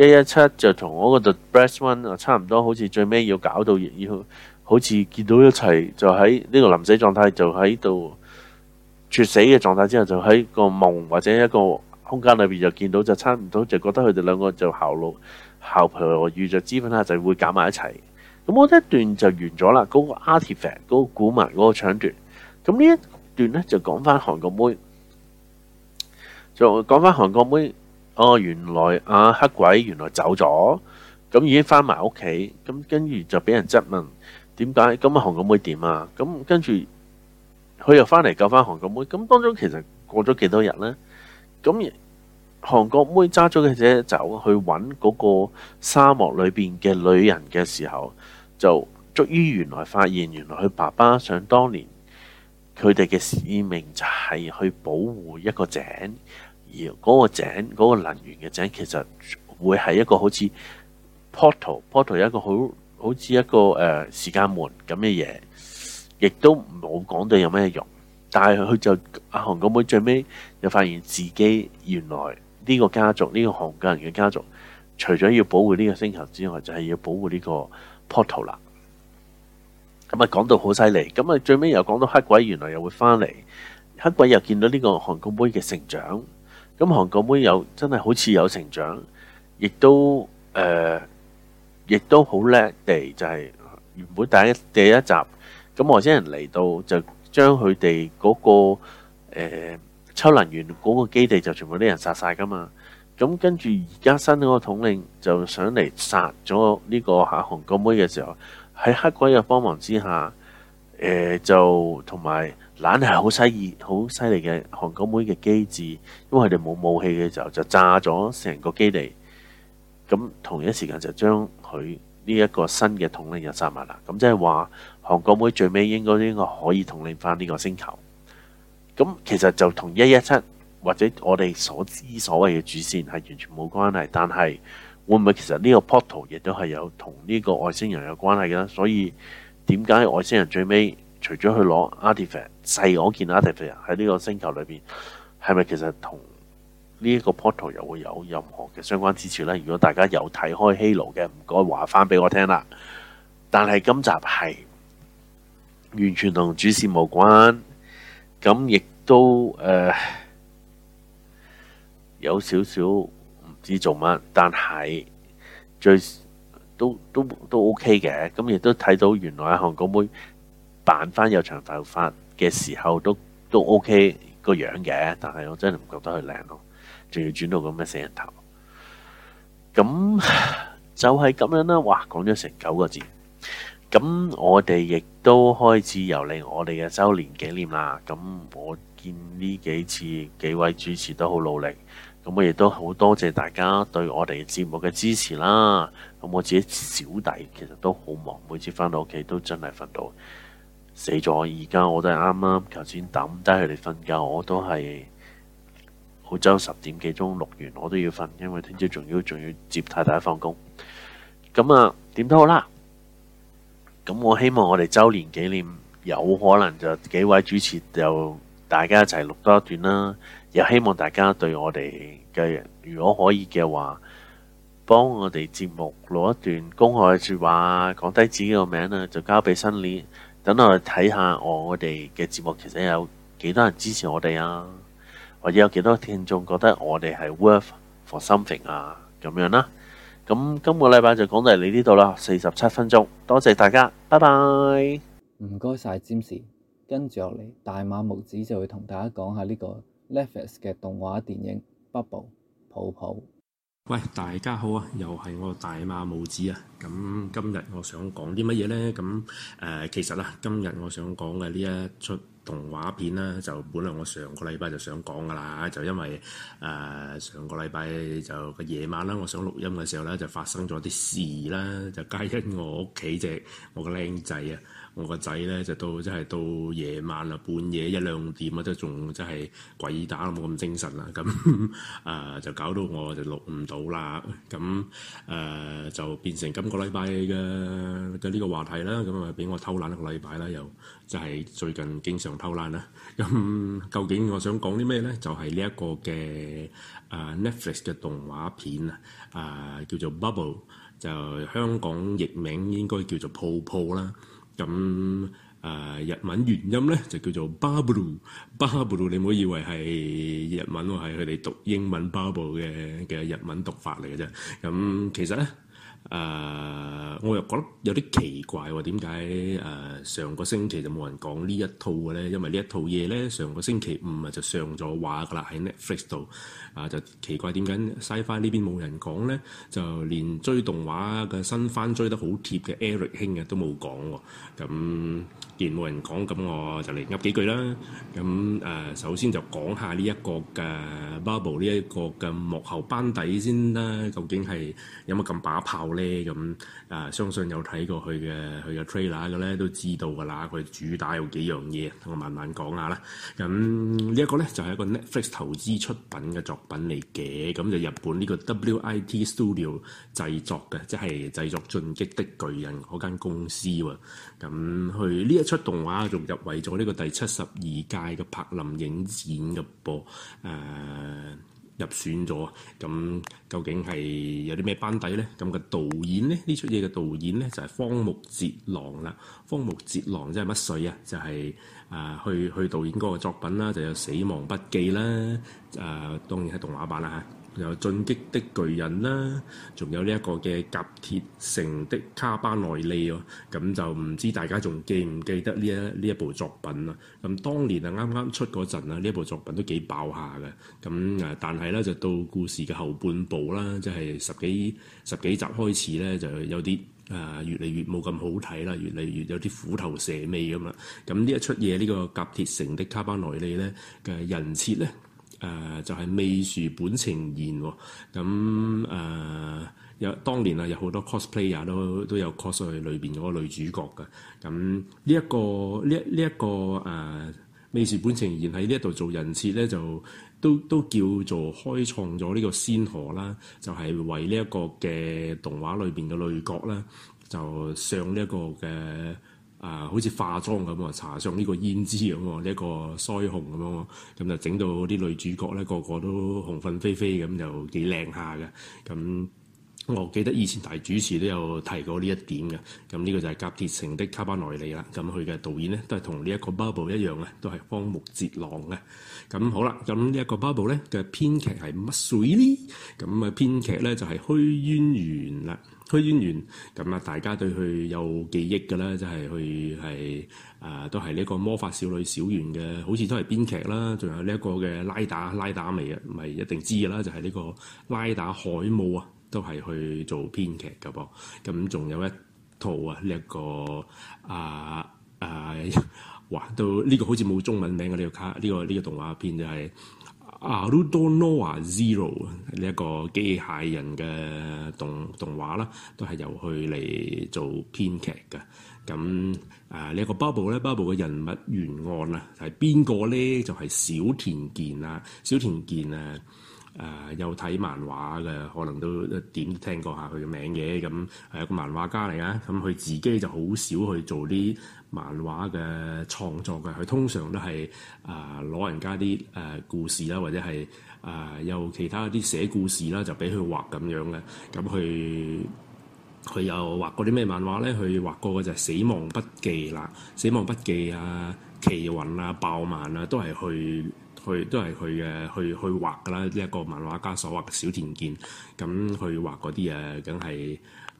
一一七就同我嗰度 breast one 啊差唔多，好似最尾要搞到要，好似見到一齊就喺呢個臨死狀態，就喺度絕死嘅狀態之後，就喺個夢或者一個空間裏邊就見到，就差唔多就覺得佢哋兩個就後路後陪我遇著芝芬娜就會揀埋一齊。咁我一段就完咗啦，嗰、那個 artifact 嗰個古文，嗰、那個搶奪。咁呢一段咧就講翻韓國妹，就講翻韓國妹。哦，原來啊黑鬼原來走咗，咁已經翻埋屋企，咁跟住就俾人質問點解？咁阿韓國妹點啊？咁跟住佢又翻嚟救翻韓國妹。咁當中其實過咗幾多日呢？咁韓國妹揸咗嘅隻走去揾嗰個沙漠裏邊嘅女人嘅時候，就終於原來發現，原來佢爸爸想當年佢哋嘅使命就係去保護一個井。嗰個井，嗰、嗰個能源嘅井，其實會係一個好似 portal portal 一個好好似一個誒、呃、時間門咁嘅嘢，亦都冇講到有咩用。但係佢就阿韓國妹最尾又發現自己原來呢個家族呢、呢個韓國人嘅家族，除咗要保護呢個星球之外，就係、係、要保護呢個 portal 啦。咁啊，講到好犀利咁啊，最尾又講到黑鬼原來又會返嚟，黑鬼又見到呢個韓國妹嘅成長。咁韓國妹有真係好似有成長，亦都誒，亦都好叻地就係原本第一第一集。咁外星人嚟到就將佢哋嗰個誒抽能源嗰個基地就全部啲人殺曬㗎嘛。咁跟住而家新嗰個統領就上嚟殺咗呢個嚇韓國妹嘅時候，喺黑鬼嘅幫忙之下，誒就同埋。攬係好犀意、好犀利嘅韓國妹嘅機智，因為佢哋冇武器嘅時候就炸咗成個基地，咁同一時間就將佢呢一個新嘅統領殺曬埋啦。咁即係話韓國妹最尾應該應該可以統領返呢個星球。咁其實就同一一七或者我哋所知所謂嘅主線係完全冇關係，但係會唔會其實呢個 portal 亦都係有同呢個外星人有關係嘅呢？所以點解外星人最尾？除咗去攞 Artifact，細我見 Artifact 喺呢個星球裏邊，係咪其實同呢一個 Portal 又會有任何嘅相關之處咧？如果大家有睇開 Halo 嘅，唔該話翻俾我聽啦。但係今集係完全同主線無關，咁亦都誒、呃、有少少唔知做乜，但係最都都都 OK 嘅，咁亦都睇到原來韓國妹。扮翻有長頭髮嘅時候都都 OK 個樣嘅，但係我真係唔覺得佢靚咯。仲要轉到咁嘅死人頭，咁就係咁樣啦。哇，講咗成九個字。咁我哋亦都開始由嚟我哋嘅周年紀念啦。咁我見呢幾次幾位主持都好努力，咁我亦都好多謝大家對我哋節目嘅支持啦。咁我自己小弟其實都好忙，每次翻到屋企都真係瞓到。死咗，而家我都係啱啱頭先揼低佢哋瞓覺，我都係好早十點幾鐘錄完，我都要瞓，因為聽朝仲要仲要接太太放工。咁啊，點都好啦。咁我希望我哋周年紀念有可能就幾位主持就大家一齊錄多一段啦。又希望大家對我哋嘅，如果可以嘅話，幫我哋節目錄一段公開嘅說話，講低自己個名啦，就交俾新年。等我嚟睇下，我哋嘅節目其實有幾多人支持我哋啊？或者有幾多聽眾覺得我哋係 worth for something 啊？咁樣啦。咁今個禮拜就講到你呢度啦，四十七分鐘，多謝大家，拜拜。唔該晒，James。跟住落嚟，大馬木子就會同大家講下呢個 Netflix 嘅動畫電影 Bubble 泡泡。 喂，大家好啊，又係我大馬毛子啊。咁今日我想講啲乜嘢呢？咁、啊、誒，其實啊，今日我想講嘅呢一出動畫片咧，就本來我上個禮拜就想講噶啦，就因為誒、啊、上個禮拜就個夜晚啦，我想錄音嘅時候咧，就發生咗啲事啦，就皆因我屋企隻我個靚仔啊。我個仔咧就到，真係到夜晚啦，半夜一兩點啊，都仲真係鬼打都冇咁精神啦。咁啊、呃、就搞到我就錄唔到啦。咁誒、呃、就變成今個禮拜嘅嘅呢個話題啦。咁啊俾我偷懶一個禮拜啦，又就係、是、最近經常偷懶啦。咁究竟我想講啲咩咧？就係呢一個嘅啊、呃、Netflix 嘅動畫片啊，啊、呃、叫做 Bubble，就香港譯名應該叫做泡泡啦。咁誒、呃、日文原音呢，就叫做巴布魯，巴布魯你唔好以為係日文喎，係佢哋讀英文巴布嘅嘅日文讀法嚟嘅啫。咁其實呢？誒、uh，我又覺得有啲奇怪喎，點解誒上個星期就冇人講呢一套嘅咧？因為呢一套嘢咧，上個星期五啊就上咗畫噶啦，喺 Netflix 度啊，uh, 就奇怪點解西番呢邊冇人講咧？就連追動畫嘅新番追得好貼嘅 Eric 兄嘅都冇講喎，咁。見冇人講，咁我就嚟噏幾句啦。咁誒、呃，首先就講下呢一個嘅 Bubble 呢一個嘅幕後班底先啦。究竟係有冇咁把炮咧？咁。啊，相信有睇過佢嘅佢嘅 trailer 嘅咧，都知道㗎啦。佢主打有幾樣嘢，我慢慢講下啦。咁、這個、呢一個咧就係、是、一個 Netflix 投資出品嘅作品嚟嘅，咁就日本呢個 WIT Studio 製作嘅，即係製作《進擊的巨人》嗰間公司喎。咁佢呢一出動畫仲入圍咗呢個第七十二屆嘅柏林影展嘅噃，誒、啊。入選咗咁，究竟係有啲咩班底咧？咁、那個導演咧，呢出嘢嘅導演咧就係、是、荒木哲郎啦。荒木哲郎即係乜水啊？就係、是呃、去去導演嗰個作品啦，就有《死亡筆記》啦。誒、呃，當然係動畫版啦嚇。有進擊的巨人啦，仲有呢一個嘅《甲鐵城的卡巴內利》哦，咁就唔知大家仲記唔記得呢一呢一部作品啦？咁當年啊啱啱出嗰陣啊，呢一部作品都幾爆下嘅，咁誒，但係咧就到故事嘅後半部啦，即係十幾十幾集開始咧，就有啲誒越嚟越冇咁好睇啦，越嚟越有啲虎頭蛇尾咁啦。咁呢一出嘢呢個《甲鐵城的卡巴內利》咧嘅人設咧？誒、呃、就係美樹本晴彥喎，咁誒、呃、有當年啊有好多 cosplayer 都都有 cos 去裏邊嗰個女主角㗎，咁呢一個呢一呢一個誒美樹本晴彥喺呢一度做人設咧，就都都叫做開創咗呢個先河啦，就係、是、為呢一個嘅動畫裏面嘅女角啦，就上呢一個嘅。啊，好似化妝咁喎，搽上呢個胭脂咁喎，呢個腮紅咁樣，咁就整到啲女主角咧個個都紅粉飛飛咁，就幾靚下嘅咁。我記得以前大主持都有提過呢一點嘅，咁呢個就係、是《甲鐵城的卡巴內利》啦。咁佢嘅導演咧都係同呢一個 bubble 一樣咧，都係荒木哲郎嘅。咁好啦，咁呢一個 bubble 咧嘅編劇係乜水咧？咁啊編劇咧就係虛淵玄啦，虛淵玄咁啊大家對佢有記憶嘅咧，就係佢係啊都係呢個魔法少女小圓嘅，好似都係編劇啦。仲有呢一個嘅拉打拉打未啊，係一定知嘅啦，就係、是、呢個拉打海霧啊。都係去做編劇嘅噃，咁仲有一套、呢個、啊呢一個啊啊話都呢、呢個好似冇中文名嘅呢、呢個卡呢、呢個呢、呢個動畫片就係啊 Aldnoah Zero 呢一個機械人嘅動動畫啦，都係由佢去嚟做編劇嘅。咁啊、呢個、Bubble, 呢一個 Bubble 咧 Bubble 嘅人物原案啊係邊個咧？就係、係、小田健啊，小田健啊。呃、又有睇漫畫嘅，可能都一點都聽過下佢嘅名嘅，咁係一個漫畫家嚟啊。咁佢自己就好少去做啲漫畫嘅創作嘅，佢通常都係攞、呃、人家啲、呃、故事啦，或者係、呃、有其他啲寫故事啦，就俾佢畫咁樣嘅。咁佢佢又畫過啲咩漫畫咧？佢畫過嘅就係《死亡筆記》啦，《死亡筆記》啊，《奇雲》啊，《爆漫》啊，都係去。去都係去嘅，去去畫噶啦，呢、這、一個漫畫家所畫嘅小畑健，咁去畫嗰啲嘢，梗係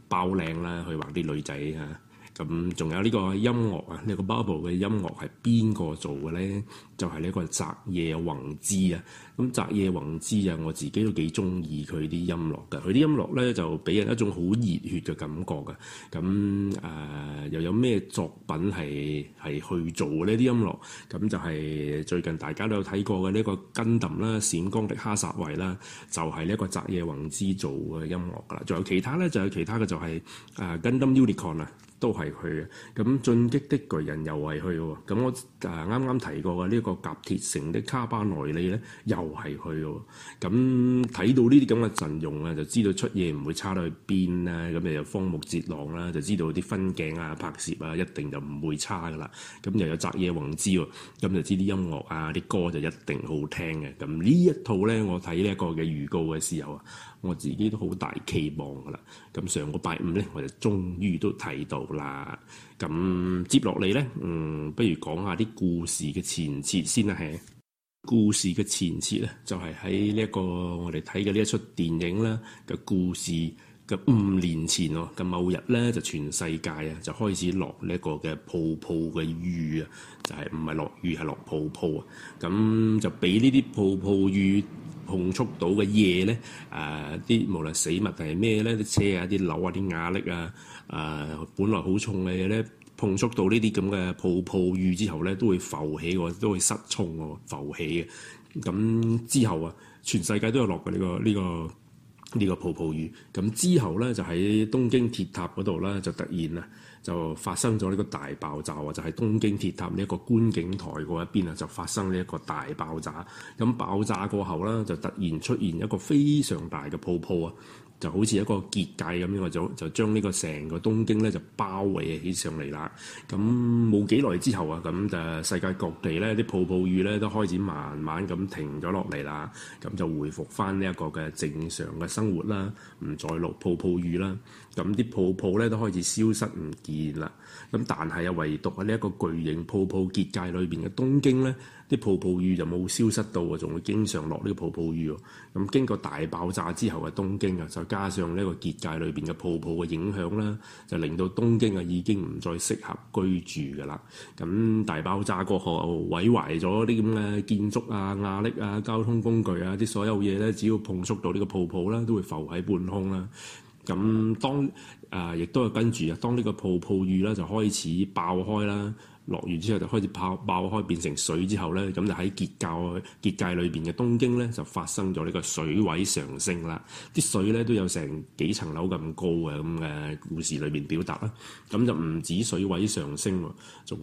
爆靚啦，去畫啲女仔吓。咁仲有呢個音樂啊，呢個 Bubble 嘅音樂係邊個做嘅咧？就係呢個澤野弘之啊。咁澤野弘之啊，我自己都幾中意佢啲音樂噶。佢啲音樂咧就俾人一種好熱血嘅感覺噶。咁誒、呃、又有咩作品係係去做呢啲音樂？咁就係最近大家都有睇過嘅呢個《跟揼》啦，《閃光的哈薩維》啦，就係呢個澤野弘之做嘅音樂啦。仲有其他咧，就有其他嘅，就係誒《跟揼 Unicorn》啊。都係佢嘅，咁進擊的巨人又係佢喎，咁我啱啱提過嘅呢個甲鐵城的卡巴內利咧，又係佢喎，咁睇到呢啲咁嘅陣容啊，就知道出嘢唔會差到去邊啦，咁誒荒木哲郎啦，就知道啲分鏡啊、拍攝啊，一定就唔會差噶啦，咁又有澤野弘之喎，咁就知啲音樂啊、啲歌就一定好聽嘅，咁呢一套咧，我睇呢一個嘅預告嘅時候啊。我自己都好大期望㗎啦，咁上個拜五咧我就終於都睇到啦，咁接落嚟咧，嗯，不如講下啲故事嘅前設先啦、啊，係。故事嘅前設咧，就係喺呢一個我哋睇嘅呢一齣電影咧嘅故事嘅五年前喎、啊、嘅某日咧，就全世界啊就開始落呢一個嘅泡泡嘅雨啊，就係唔係落雨係落泡泡啊，咁就俾呢啲泡泡雨。碰觸到嘅嘢咧，誒、呃、啲無論死物定係咩咧，啲車啊、啲樓啊、啲瓦礫啊，誒、呃、本來好重嘅嘢咧，碰觸到呢啲咁嘅泡泡雨之後咧，都會浮起喎，都會失重喎，浮起嘅。咁之後啊，全世界都有落嘅呢個呢個。這個呢個泡泡雨，咁之後呢，就喺東京鐵塔嗰度呢，就突然啊就發生咗呢個大爆炸啊！就喺東京鐵塔呢一個觀景台嗰一邊啊就發生呢一個大爆炸。咁爆，爆炸過後呢，就突然出現一個非常大嘅泡泡啊！就好似一個結界咁樣，就就將呢個成個東京咧就包圍起上嚟啦。咁冇幾耐之後啊，咁就世界各地咧啲泡泡雨咧都開始慢慢咁停咗落嚟啦。咁就回復翻呢一個嘅正常嘅生活啦，唔再落泡泡雨啦。咁啲泡泡咧都開始消失唔見啦。咁但係啊，唯獨喺呢一個巨型泡泡結界裏邊嘅東京咧。啲泡泡雨就冇消失到啊，仲會經常落呢個泡泡雨。咁經過大爆炸之後嘅東京啊，再加上呢個結界裏面嘅泡泡嘅影響啦，就令到東京啊已經唔再適合居住㗎啦。咁大爆炸過後毀壞咗啲咁嘅建築啊、壓力啊、交通工具啊、啲所有嘢咧，只要碰觸到呢個泡泡啦，都會浮喺半空啦。咁當啊，亦都係跟住啊，當呢個泡泡雨啦就開始爆開啦。落完之後就開始爆爆開變成水之後呢，咁就喺結界。結界裏面嘅東京呢，就發生咗呢個水位上升啦。啲水呢，都有成幾層樓咁高嘅咁嘅故事裏面表達啦。咁就唔止水位上升，仲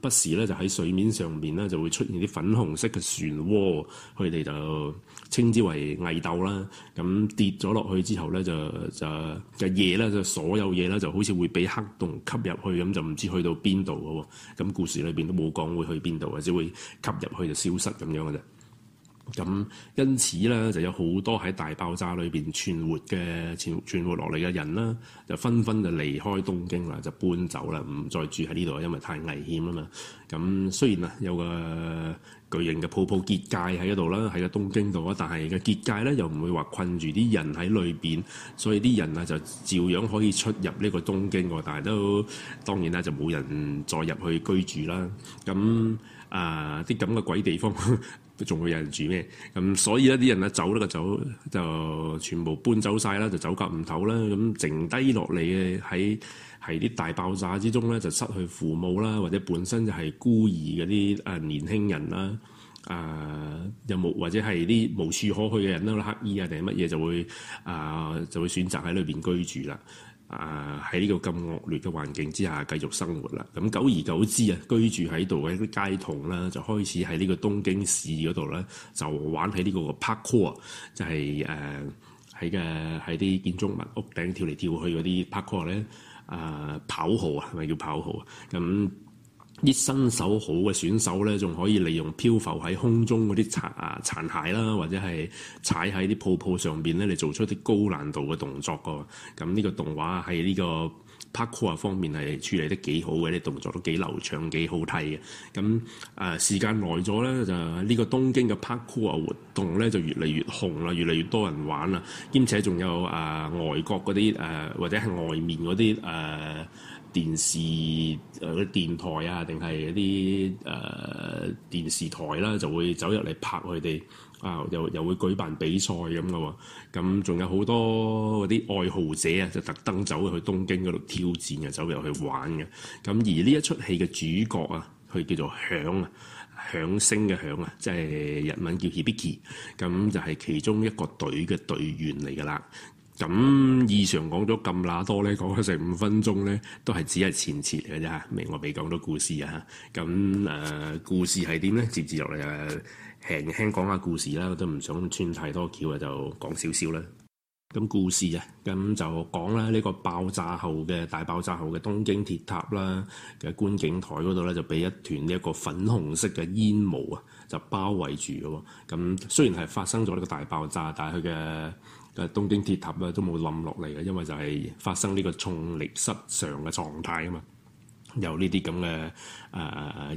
不時呢，就喺水面上面呢，就會出現啲粉紅色嘅漩渦，佢哋就～稱之為偽鬥啦，咁跌咗落去之後咧，就就嘅嘢咧，就所有嘢咧，就好似會俾黑洞吸入去，咁就唔知去到邊度嘅喎。咁故事裏面都冇講會去邊度，只會吸入去就消失咁樣嘅啫。咁因此咧，就有好多喺大爆炸裏面存活嘅、存存活落嚟嘅人啦，就紛紛就離開東京啦，就搬走啦，唔再住喺呢度啦，因為太危險啊嘛。咁雖然啊，有個巨型嘅泡泡結界喺呢度啦，喺個東京度啊，但係個結界咧又唔會話困住啲人喺裏面，所以啲人啊就照樣可以出入呢個東京喎。但係都當然啦，就冇人再入去居住啦。咁啊，啲咁嘅鬼地方～呵呵仲會有人住咩？咁所以一啲人咧走呢個走就全部搬走晒啦，就走夾唔唞啦。咁剩低落嚟嘅喺係啲大爆炸之中咧，就失去父母啦，或者本身就係孤兒嗰啲啊年輕人啦，啊有冇或者係啲無處可去嘅人啦、乞衣啊定係乜嘢就會啊就會選擇喺裏邊居住啦。啊、呃，喺呢個咁惡劣嘅環境之下繼續生活啦。咁久而久之啊，居住喺度嘅啲街童啦，就開始喺呢個東京市嗰度咧，就玩喺呢個 parkour 啊，就係誒喺嘅喺啲建築物屋頂跳嚟跳去嗰啲 parkour 咧啊，跑酷啊，係咪叫跑酷啊？咁。嗯啲身手好嘅選手咧，仲可以利用漂浮喺空中嗰啲殘啊殘骸啦，或者係踩喺啲泡泡上邊咧，嚟做出啲高難度嘅動作噶、啊。咁呢個動畫喺呢個 parkour 方面係處理得幾好嘅，啲動作都幾流暢、幾好睇嘅。咁啊、呃，時間耐咗咧，就呢、這個東京嘅 parkour 活動咧，就越嚟越紅啦，越嚟越多人玩啦。兼且仲有啊、呃、外國嗰啲誒，或者係外面嗰啲誒。呃電視嗰啲、呃、電台啊，定係一啲誒、呃、電視台啦、啊，就會走入嚟拍佢哋啊，又又會舉辦比賽咁嘅喎。咁仲有好多嗰啲愛好者啊，就特登走去東京嗰度挑戰啊，走入去玩嘅。咁而呢一出戲嘅主角啊，佢叫做響啊，響聲嘅響啊，即係日文叫ひびき，咁就係其中一個隊嘅隊員嚟㗎啦。咁以上講咗咁乸多咧，講咗成五分鐘咧，都係只係前設嘅啫，明我未講到故事啊。咁，呃，故事係點咧？接住落嚟啊，輕輕講下故事啦，都唔想穿太多橋啊，就講少少啦。咁故事啊，咁就講啦呢個爆炸後嘅大爆炸後嘅東京鐵塔啦嘅觀景台嗰度咧，就俾一團呢一個粉紅色嘅煙霧啊，就包圍住嘅喎。咁雖然係發生咗呢個大爆炸，但係佢嘅東京鐵塔咧都冇冧落嚟嘅，因為就係發生呢個重力失常嘅狀態啊嘛。由呢啲咁嘅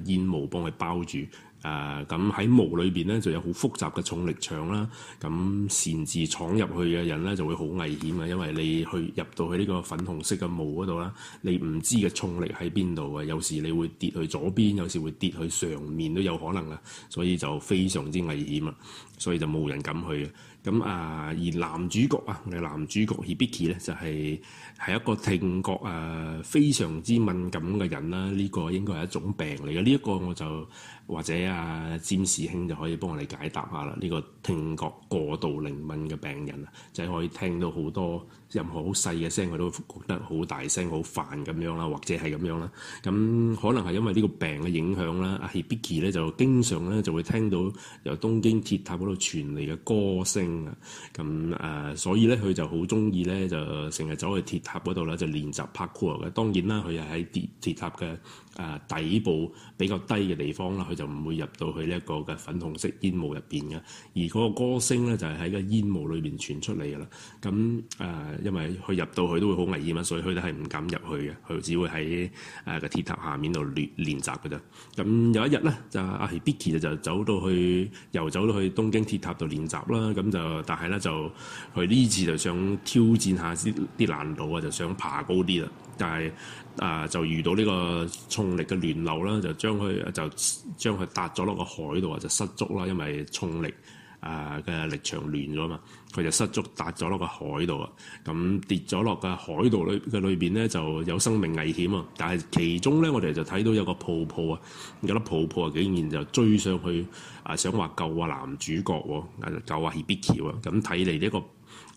煙霧幫佢包住啊，咁喺霧裏面咧就有好複雜嘅重力場啦。咁擅自闖入去嘅人咧就會好危險啊，因為你去入到去呢個粉紅色嘅霧嗰度啦，你唔知嘅重力喺邊度啊。有時你會跌去左邊，有時會跌去上面都有可能啊，所以就非常之危險啊。所以就冇人敢去。咁、嗯、啊，而男主角啊，我哋男主角 Hibiki 咧，就係、是、係一個聽覺啊非常之敏感嘅人啦。呢、這個應該係一種病嚟嘅，呢、這、一個我就。或者阿、啊、詹士兄就可以幫我哋解答下啦。呢個聽覺過度靈敏嘅病人啊，就係、可以聽到好多任何好細嘅聲，佢都覺得好大聲、好煩咁樣啦，或者係咁樣啦。咁可能係因為呢個病嘅影響啦。阿 Hibiki 咧就經常咧就會聽到由東京鐵塔嗰度傳嚟嘅歌聲啊。咁啊、呃，所以咧佢就好中意咧就成日走去鐵塔嗰度呢，就練習拍鼓嘅。當然啦，佢又喺鐵鐵塔嘅。誒底部比較低嘅地方啦，佢就唔會入到去呢一個嘅粉紅色煙霧入邊嘅，而嗰個歌聲咧就係喺個煙霧裏邊傳出嚟嘅啦。咁誒、呃，因為佢入到去都會好危險啊，所以佢都係唔敢入去嘅，佢只會喺誒個鐵塔下面度練練習嘅啫。咁有一日咧，就阿 Bicky 就走到去遊走到去東京鐵塔度練習啦。咁就但係咧就佢呢次就想挑戰下啲難度啊，就想爬高啲啦，但係。啊！就遇到呢個重力嘅亂流啦，就將佢就將佢搭咗落個海度啊，就失足啦，因為重力啊嘅力場亂咗嘛，佢就失足搭咗落個海度啊，咁、嗯、跌咗落個海度裏嘅裏邊咧，就有生命危險啊！但係其中咧，我哋就睇到有個泡泡啊，有粒泡泡啊，竟然就追上去啊，想話救啊男主角喎、啊，救啊 Hibiki 啊！咁睇嚟呢個呢、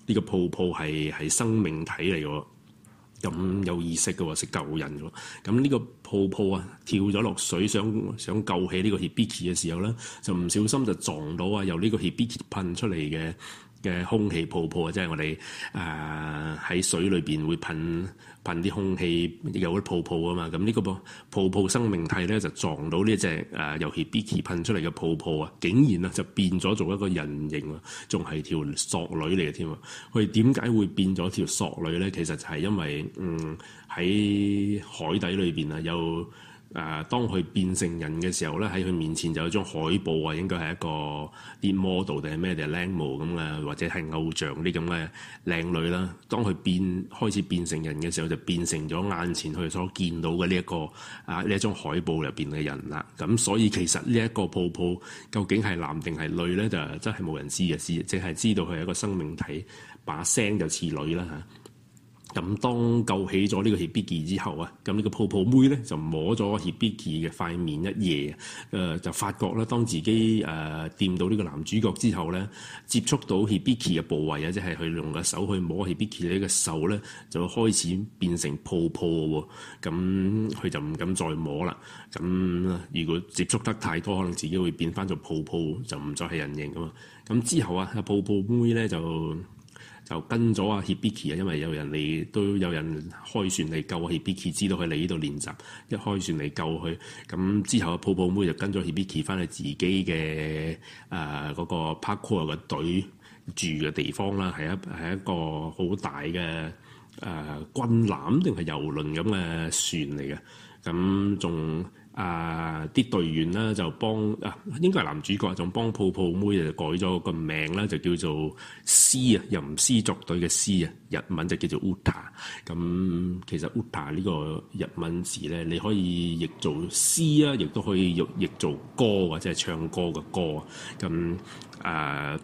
呢個泡泡係係生命體嚟嘅。咁有意識嘅喎，識救人喎。咁呢個泡泡啊，跳咗落水，想想救起呢個 Hibiki 嘅時候咧，就唔小心就撞到啊，由呢個 Hibiki 噴出嚟嘅。嘅空氣泡泡啊，即係我哋啊喺水裏邊會噴噴啲空氣有啲泡泡啊嘛，咁呢個噃泡泡生命體咧就撞到呢隻尤其 Bikie 噴出嚟嘅泡泡啊，竟然咧、啊、就變咗做一個人形啊，仲係條索女嚟嘅添啊！佢點解會變咗條索女咧？其實就係因為嗯喺海底裏邊啊有。誒、呃，當佢變成人嘅時候咧，喺佢面前就有一張海報啊，應該係一個啲 model 定係咩定係靚模咁嘅，或者係偶像啲咁嘅靚女啦。當佢變開始變成人嘅時候，就變成咗眼前佢所見到嘅呢、這個啊、一個啊呢一張海報入邊嘅人啦。咁所以其實呢一個泡泡究竟係男定係女咧，就是、真係冇人知嘅事，淨係知道佢係一個生命體，把聲就似女啦嚇咁當救起咗呢個 Hibiki 之後啊，咁呢個泡泡妹咧就摸咗 Hibiki 嘅塊面一夜，誒、呃、就發覺啦。當自己誒掂、呃、到呢個男主角之後咧，接觸到 Hibiki 嘅部位啊，即係佢用個手去摸 Hibiki 呢個手咧，就開始變成泡泡喎。咁佢就唔敢再摸啦。咁如果接觸得太多，可能自己會變翻做泡泡，就唔再係人形噶嘛。咁之後啊，泡泡妹咧就～就跟咗阿 Hibiki 啊，因為有人嚟都有人開船嚟救阿 Hibiki，知道佢嚟呢度練習，一開船嚟救佢。咁之後阿泡泡妹就跟咗 Hibiki 翻去自己嘅誒嗰個 Parkour 嘅隊住嘅地方啦，係一係一個好大嘅誒軍艦定係遊輪咁嘅船嚟嘅，咁仲。啊！啲、呃、隊員啦就幫啊，應該係男主角仲幫泡泡妹就改咗個名啦，就叫做詩啊，吟詩作對嘅詩啊，日文就叫做 Uta、嗯。咁其實 Uta 呢個日文字咧，你可以譯做詩啊，亦都可以用譯，譯做歌或者係唱歌嘅歌。咁、嗯、啊。呃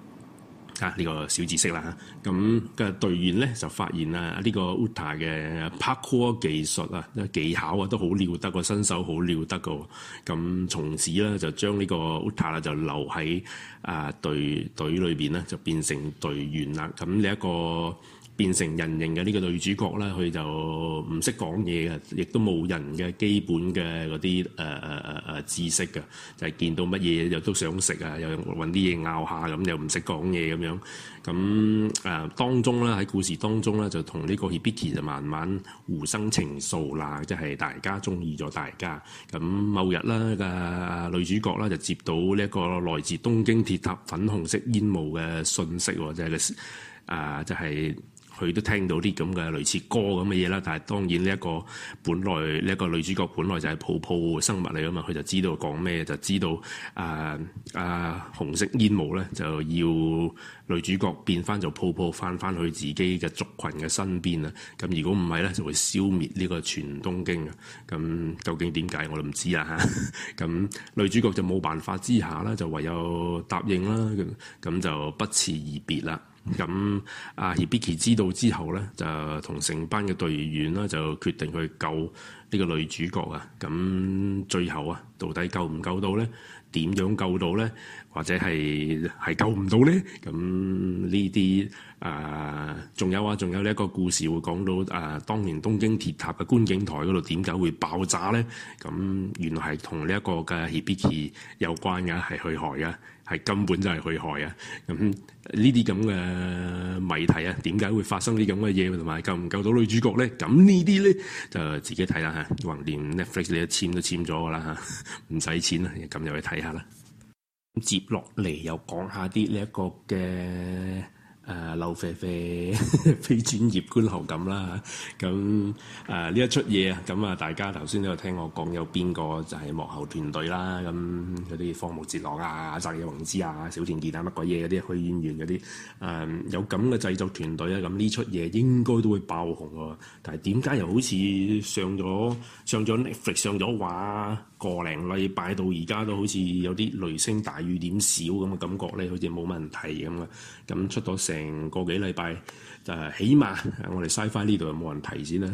啊！呢、這個小知識啦，咁、那、嘅、個、隊員咧就發現啦，呢、這個 Uta 嘅 Parkour 技術啊、技巧啊都好了得，個身手好了得個。咁從此咧就將呢個 Uta 啦就留喺啊隊隊裏邊咧，就變成隊員啦。咁呢一個。變成人形嘅呢個女主角咧，佢就唔識講嘢嘅，亦都冇人嘅基本嘅嗰啲誒誒誒誒知識嘅，就係、是、見到乜嘢又都想食啊，又揾啲嘢拗下咁，又唔識講嘢咁樣咁誒、呃。當中咧喺故事當中咧就同呢個 Hibiki 就慢慢互生情愫啦，即係、就是、大家中意咗大家咁，某日啦嘅、呃、女主角啦就接到呢一個來自東京鐵塔粉紅色煙霧嘅訊息，即係嘅啊，就係、是。呃就是佢都聽到啲咁嘅類似歌咁嘅嘢啦，但係當然呢一個本來呢一個女主角本來就係泡泡生物嚟啊嘛，佢就知道講咩，就知道啊啊、呃呃、紅色煙霧咧就要女主角變翻做泡泡翻翻去自己嘅族群嘅身邊啊！咁如果唔係咧，就會消滅呢個全東京啊！咁究竟點解我都唔知啊！咁女主角就冇辦法之下啦就唯有答應啦，咁就不辭而別啦。咁阿 Hibiki 知道之後咧，就同成班嘅隊員啦，就決定去救呢個女主角啊。咁最後啊，到底救唔救到咧？點樣救到咧？或者係係救唔到咧？咁呢啲啊，仲、呃、有啊，仲有呢一個故事會講到啊，當年東京鐵塔嘅觀景台嗰度點解會爆炸咧？咁原來係同呢一個嘅 Hibiki 有關嘅，係去害嘅。係根本就係去害啊！咁呢啲咁嘅謎題啊，點解會發生啲咁嘅嘢，同埋救唔救到女主角咧？咁呢啲咧就自己睇啦嚇。橫掂 Netflix 你一籤都籤咗㗎啦，唔使錢啦，咁就去睇下啦。咁接落嚟又講下啲呢一個嘅。誒、呃，溜飛飛非專業觀後感咁啦，咁誒呢一出嘢啊，咁啊大家頭先都有聽我講有邊個就係幕後團隊啦，咁有啲荒木哲朗啊、澤野宏之啊、小田健啊乜鬼嘢嗰啲，去演員嗰啲誒有咁嘅製作團隊啊，咁呢出嘢應該都會爆紅喎、啊。但係點解又好似上咗上咗 Netflix 上咗畫、啊？個零禮拜到而家都好似有啲雷聲大雨點小咁嘅感覺咧，好似冇乜人提咁，咁出到成個幾禮拜就係，起碼我哋 SciFi 呢度冇人提先啦。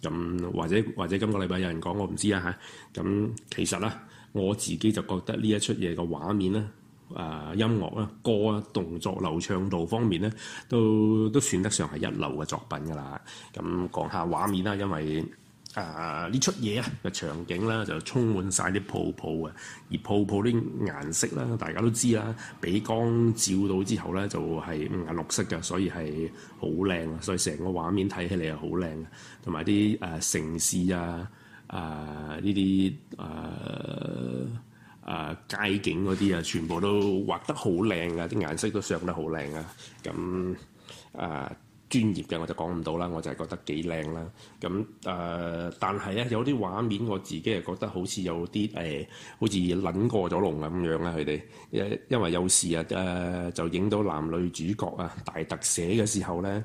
咁或者或者今個禮拜有人講我唔知啊嚇。咁、啊、其實啦、啊，我自己就覺得呢一出嘢嘅畫面咧、啊音樂啦、歌啊、動作流暢度方面咧，都都算得上係一流嘅作品㗎啦。咁講下畫面啦，因為。誒、呃、呢出嘢啊嘅場景啦，就充滿晒啲泡泡啊。而泡泡啲顏色啦，大家都知啦、啊，俾光照到之後咧就係五顏六色嘅，所以係好靚，所以成個畫面睇起嚟又好靚，同埋啲誒城市啊、誒呢啲誒誒街景嗰啲啊，全部都畫得好靚啊，啲顏色都上得好靚啊。咁誒。呃專業嘅我就講唔到啦，我就係覺得幾靚啦。咁誒、呃，但係咧有啲畫面我自己係覺得好似有啲誒、呃，好似撚過咗龍咁樣啦。佢哋，因為有時啊誒、呃，就影到男女主角啊大特寫嘅時候咧，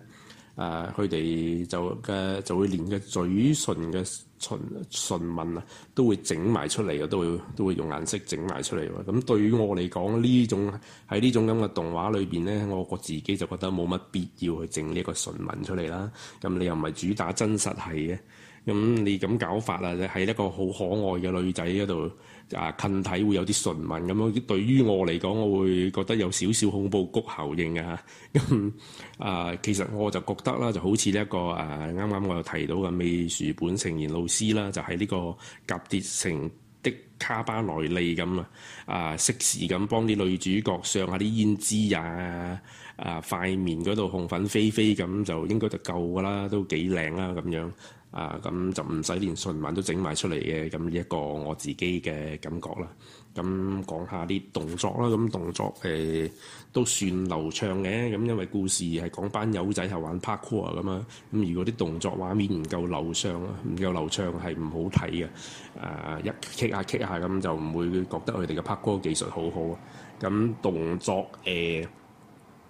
誒佢哋就嘅、呃、就會連嘅嘴唇嘅。純唇紋啊，都會整埋出嚟嘅，都會都會用顏色整埋出嚟。咁對於我嚟講，呢種喺呢種咁嘅動畫裏邊呢，我我自己就覺得冇乜必要去整呢個唇紋出嚟啦。咁你又唔係主打真實系嘅。咁、嗯、你咁搞法啊？喺一個好可愛嘅女仔嗰度啊，近睇會有啲唇紋咁樣。對於我嚟講，我會覺得有少少恐怖谷效應啊。咁、嗯、啊，其實我就覺得啦，就好似呢一個啊，啱啱我又提到嘅美樹本成賢老師啦，就喺、是、呢個甲鐵城的卡巴內利咁啊，啊，適時咁幫啲女主角上下啲胭脂啊，啊，塊面嗰度紅粉飛飛咁，就應該就夠噶啦，都幾靚啦咁樣。啊，咁就唔使連順文都整埋出嚟嘅，咁一個我自己嘅感覺啦。咁講下啲動作啦，咁動作誒、呃、都算流暢嘅，咁因為故事係講班友仔係玩 parkour 咁啊。咁如果啲動作畫面唔夠流暢啊，唔夠流暢係唔好睇嘅。啊，一 kick 下 kick 下咁就唔會覺得佢哋嘅 parkour 技術好好。咁動作誒。呃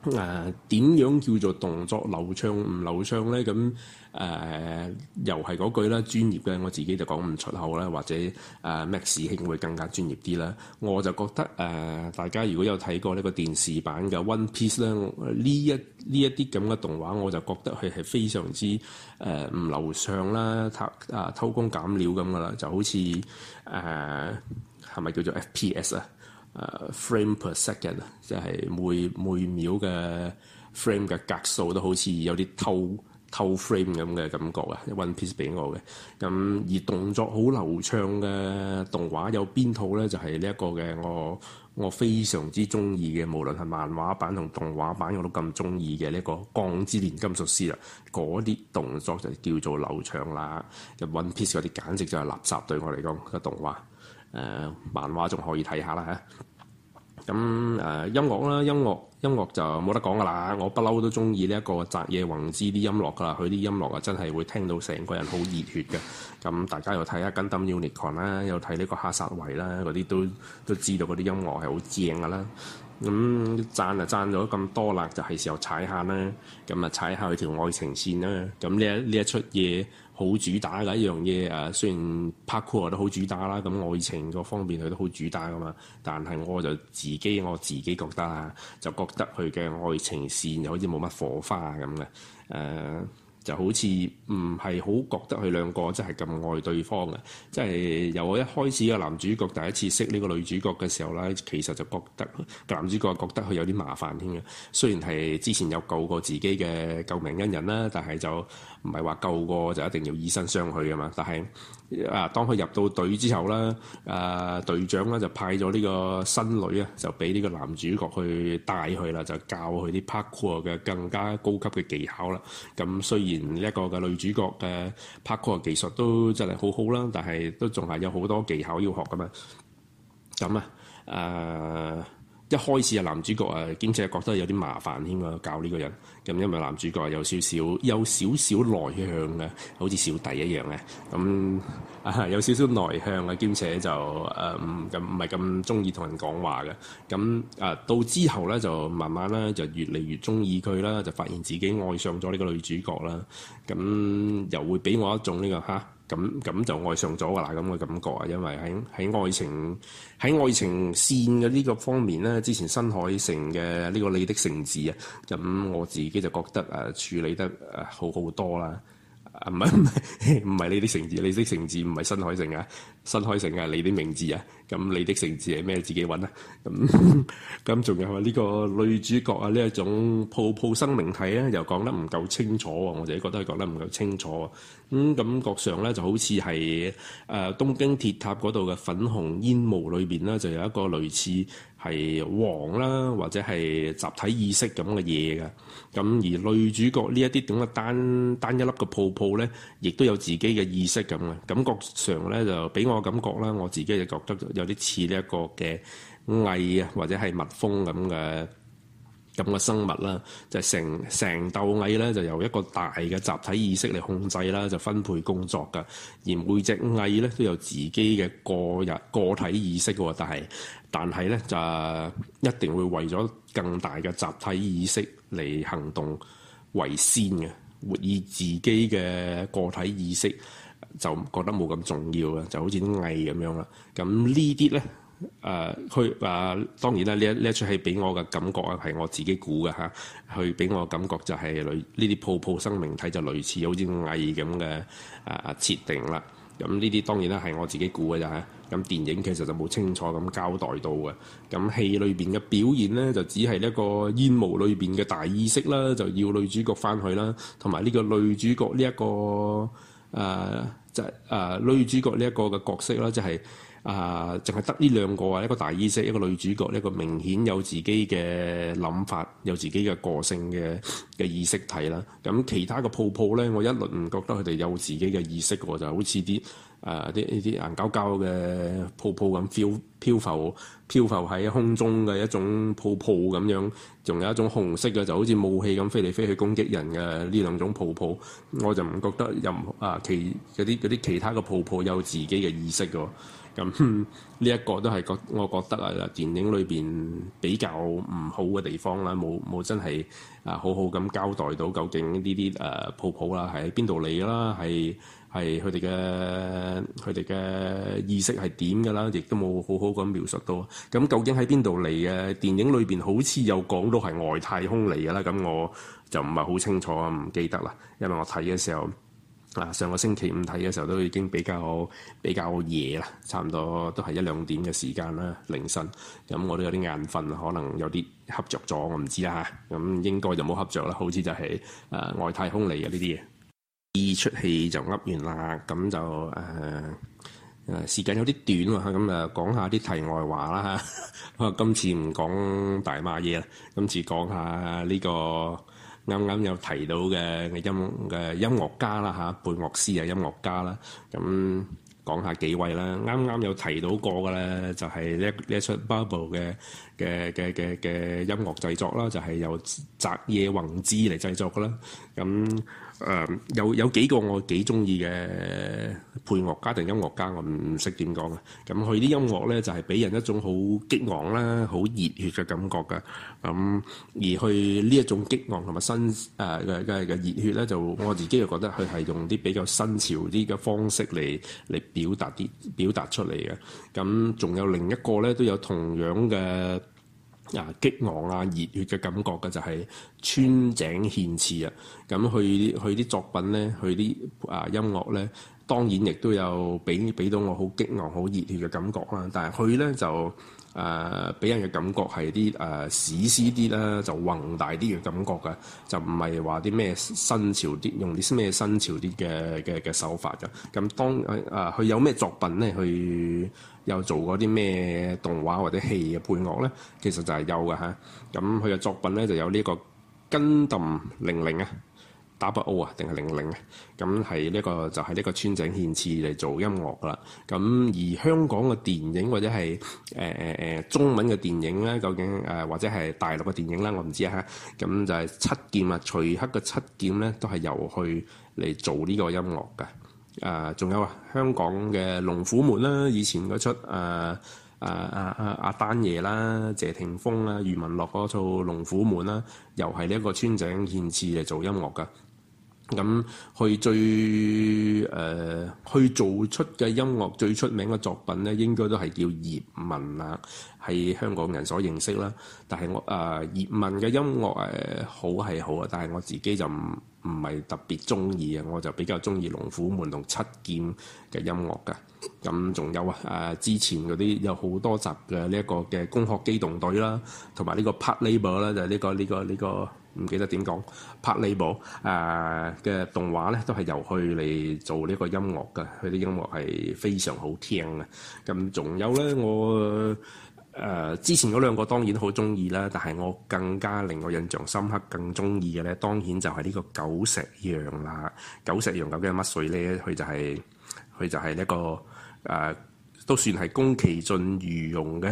誒、呃、點樣叫做動作流暢唔流暢咧？咁誒、呃、又係嗰句啦，專業嘅我自己就講唔出口啦，或者誒、呃、Max 兄會更加專業啲啦。我就覺得誒、呃、大家如果有睇過呢個電視版嘅 One Piece 咧，呢一呢一啲咁嘅動畫，我就覺得佢係非常之誒唔、呃、流暢啦，偷啊偷工減料咁噶啦，就好似誒係咪叫做 FPS 啊？Uh, frame per second 啊，即係每每秒嘅 frame 嘅格數都好似有啲偷，偷 frame 咁嘅感覺啊！One Piece 俾我嘅，咁而動作好流暢嘅動畫有邊套咧？就係呢一個嘅我我非常之中意嘅，無論係漫畫版同動畫版我都咁中意嘅呢個鋼之煉金術師啦。嗰啲動作就叫做流暢啦，One Piece 嗰啲簡直就係垃圾對我嚟講嘅動畫。誒、呃、漫畫仲可以睇下啦，咁誒音樂啦，音樂音樂就冇得講噶啦，我不嬲都中意呢一個澤野宏之啲音樂噶啦，佢啲音樂啊真係會聽到成個人好熱血嘅，咁大家又睇、啊《Gundam Unicorn》啦，又睇呢個哈薩維啦，嗰啲都都知道嗰啲音樂係好正噶啦，咁讚啊贊咗咁多啦，就係、是、時候踩下啦，咁啊踩下佢條愛情線啦，咁呢一呢一出嘢。好主打嘅一樣嘢，啊。雖然 parkour 都好主打啦，咁愛情嗰方面佢都好主打㗎嘛，但係我就自己我自己覺得啊，就覺得佢嘅愛情線又好似冇乜火花咁嘅，誒、呃。就好似唔係好覺得佢兩個真係咁愛對方嘅，即係由我一開始嘅男主角第一次識呢個女主角嘅時候咧，其實就覺得男主角覺得佢有啲麻煩添嘅。雖然係之前有救過自己嘅救命恩人啦，但係就唔係話救過就一定要以身相許啊嘛，但係。啊！當佢入到隊之後咧，誒、呃、隊長咧就派咗呢個新女啊，就俾呢個男主角去帶佢啦，就教佢啲 parkour 嘅更加高級嘅技巧啦。咁雖然一個嘅女主角嘅 parkour 技術都真係好好啦，但係都仲係有好多技巧要學噶嘛。咁啊，誒。一開始啊，男主角啊，兼且覺得有啲麻煩添啊，教呢個人咁，因為男主角有少少有少少內向嘅，好似小弟一樣嘅咁啊，有少少內向嘅，兼且就誒唔咁唔係咁中意同人講話嘅咁啊。到之後咧，就慢慢咧就越嚟越中意佢啦，就發現自己愛上咗呢個女主角啦。咁、嗯、又會俾我一種呢、這個嚇。咁咁就愛上咗啦，咁嘅感覺啊，因為喺喺愛情喺愛情線嘅呢個方面咧，之前新海誠嘅呢個你的城市啊，咁我自己就覺得啊處理得啊好好多啦，啊唔係唔係唔係你的城市，你的城市唔係新海誠啊，新海誠嘅、啊、你的名字啊。咁你的城市係咩？自己揾啦。咁咁仲有啊，呢個女主角啊，呢一種泡泡生命體咧、啊，又講得唔夠清楚喎、啊。我自己覺得係講得唔夠清楚、啊。咁感覺上咧，就好似係誒東京鐵塔嗰度嘅粉紅煙霧裏面啦，就有一個類似。係王啦，或者係集體意識咁嘅嘢㗎。咁而女主角呢一啲咁嘅單單一粒嘅泡泡咧，亦都有自己嘅意識咁嘅。感覺上咧，就俾我感覺啦，我自己就覺得有啲似呢一個嘅蟻啊，或者係蜜蜂咁嘅咁嘅生物啦。就係、成成竇蟻咧，就由一個大嘅集體意識嚟控制啦，就分配工作㗎。而每隻蟻咧都有自己嘅個人個體意識喎，但係。但係咧就一定會為咗更大嘅集體意識嚟行動為先嘅，活以自己嘅個體意識就覺得冇咁重要啦，就好似啲蟻咁樣啦。咁呢啲咧誒去誒，當然啦，呢一呢一出戲俾我嘅感覺啊，係我自己估嘅嚇。佢俾我嘅感覺就係類呢啲泡泡生命體就類似好似蟻咁嘅啊啊設定啦。咁呢啲當然啦係我自己估嘅咋嚇。咁電影其實就冇清楚咁交代到嘅，咁戲裏面嘅表現咧，就只係一個煙霧裏面嘅大意識啦，就要女主角翻去啦，同埋呢個女主角呢、呢、一個誒、呃、就誒、呃、女主角呢一個嘅角色啦，就係、係、啊，淨係得呢兩個啊，一個大意識，一個女主角，呢個明顯有自己嘅諗法，有自己嘅個性嘅嘅意識體啦。咁其他嘅泡泡咧，我一輪唔覺得佢哋有自己嘅意識喎，就好似啲。誒啲呢啲硬膠膠嘅泡泡咁漂漂浮漂浮喺空中嘅一種泡泡咁樣，仲有一種紅色嘅就好似武器咁飛嚟飛去攻擊人嘅，呢兩種泡泡，我就唔覺得任啊其嗰啲啲其他嘅泡泡有自己嘅意識㗎。咁呢一個都係覺我覺得啊，得電影裏邊比較唔好嘅地方啦，冇冇真係啊好好咁交代到究竟呢啲誒泡泡啦係邊度嚟啦係？呃係佢哋嘅佢哋嘅意識係點嘅啦，亦都冇好好咁描述到。咁究竟喺邊度嚟嘅？電影裏邊好似有講到係外太空嚟嘅啦。咁我就唔係好清楚，唔記得啦。因為我睇嘅時候啊，上個星期五睇嘅時候都已經比較比較夜啦，差唔多都係一兩點嘅時間啦，凌晨。咁我都有啲眼瞓，可能有啲瞌著咗，我唔知啦嚇。咁應該就冇瞌著啦，好似就係、是、誒、呃、外太空嚟嘅呢啲嘢。二出戲就噏完啦，咁就誒誒、呃，時間有啲短啊，咁啊，講下啲題外話啦吓。今次唔講大馬嘢啦，今次講下呢、這個啱啱有提到嘅嘅音嘅音樂家啦，吓配樂師啊，師音樂家啦，咁講下幾位啦。啱啱有提到過嘅咧，就係一一出 bubble 嘅嘅嘅嘅嘅音樂製作啦，就係由澤野弘之嚟製作噶啦，咁。誒、嗯、有有幾個我幾中意嘅配樂家定音樂家，我唔唔識點講。咁佢啲音樂咧就係、是、俾人一種好激昂啦、好熱血嘅感覺㗎。咁、嗯、而佢呢一種激昂同埋新誒嘅嘅嘅熱血咧，就我自己就覺得佢係用啲比較新潮啲嘅方式嚟嚟表達啲表達出嚟嘅。咁、嗯、仲有另一個咧，都有同樣嘅。啊！激昂啊！熱血嘅感覺嘅就係川井憲次啊！咁佢佢啲作品咧，佢啲啊音樂咧，當然亦都有俾俾到我好激昂、好熱血嘅感覺啦。但係佢咧就誒俾、啊、人嘅感覺係啲誒史詩啲啦，就宏大啲嘅感覺嘅，就唔係話啲咩新潮啲，用啲咩新潮啲嘅嘅嘅手法㗎。咁當啊佢有咩作品咧？去又做過啲咩動畫或者戲嘅配樂呢？其實就係有嘅吓。咁佢嘅作品呢，就有呢個 Gundam 零零啊，W 啊定係零零啊。咁係呢個就係、是、呢個川井憲次嚟做音樂噶啦。咁而香港嘅電影或者係、呃呃、中文嘅電影呢，究竟、呃、或者係大陸嘅電影呢？我唔知嚇。咁就係七劍啊，徐克嘅七劍呢，都係由佢嚟做呢個音樂嘅。誒、呃，仲有啊，香港嘅《龍虎門》啦，以前嗰出誒誒誒誒阿丹爺啦、謝霆鋒啦、余文樂嗰套《龍虎門》啦，又係呢一個川井憲次嚟做音樂噶。咁佢最誒，佢、呃、做出嘅音樂最出名嘅作品咧，應該都係叫葉問啊，係香港人所認識啦。但係我誒、呃、葉問嘅音樂誒、呃、好係好啊，但係我自己就唔。唔係特別中意啊。我就比較中意龍虎門同七劍嘅音樂噶。咁仲有啊，誒、呃、之前嗰啲有好多集嘅呢一個嘅《攻殼機動隊》啦，同埋呢個《Patlabor》啦、這個，就係呢個呢個呢個唔記得點講《Patlabor、呃》誒嘅動畫咧，都係由佢嚟做呢個音樂噶。佢啲音樂係非常好聽啊！咁仲有咧我。誒、呃、之前嗰兩個當然好中意啦，但係我更加令我印象深刻、更中意嘅咧，當然就係呢個九石羊啦。九石羊究竟係乜水咧？佢就係、是、佢就係呢個個、呃都算係宮崎駿御用嘅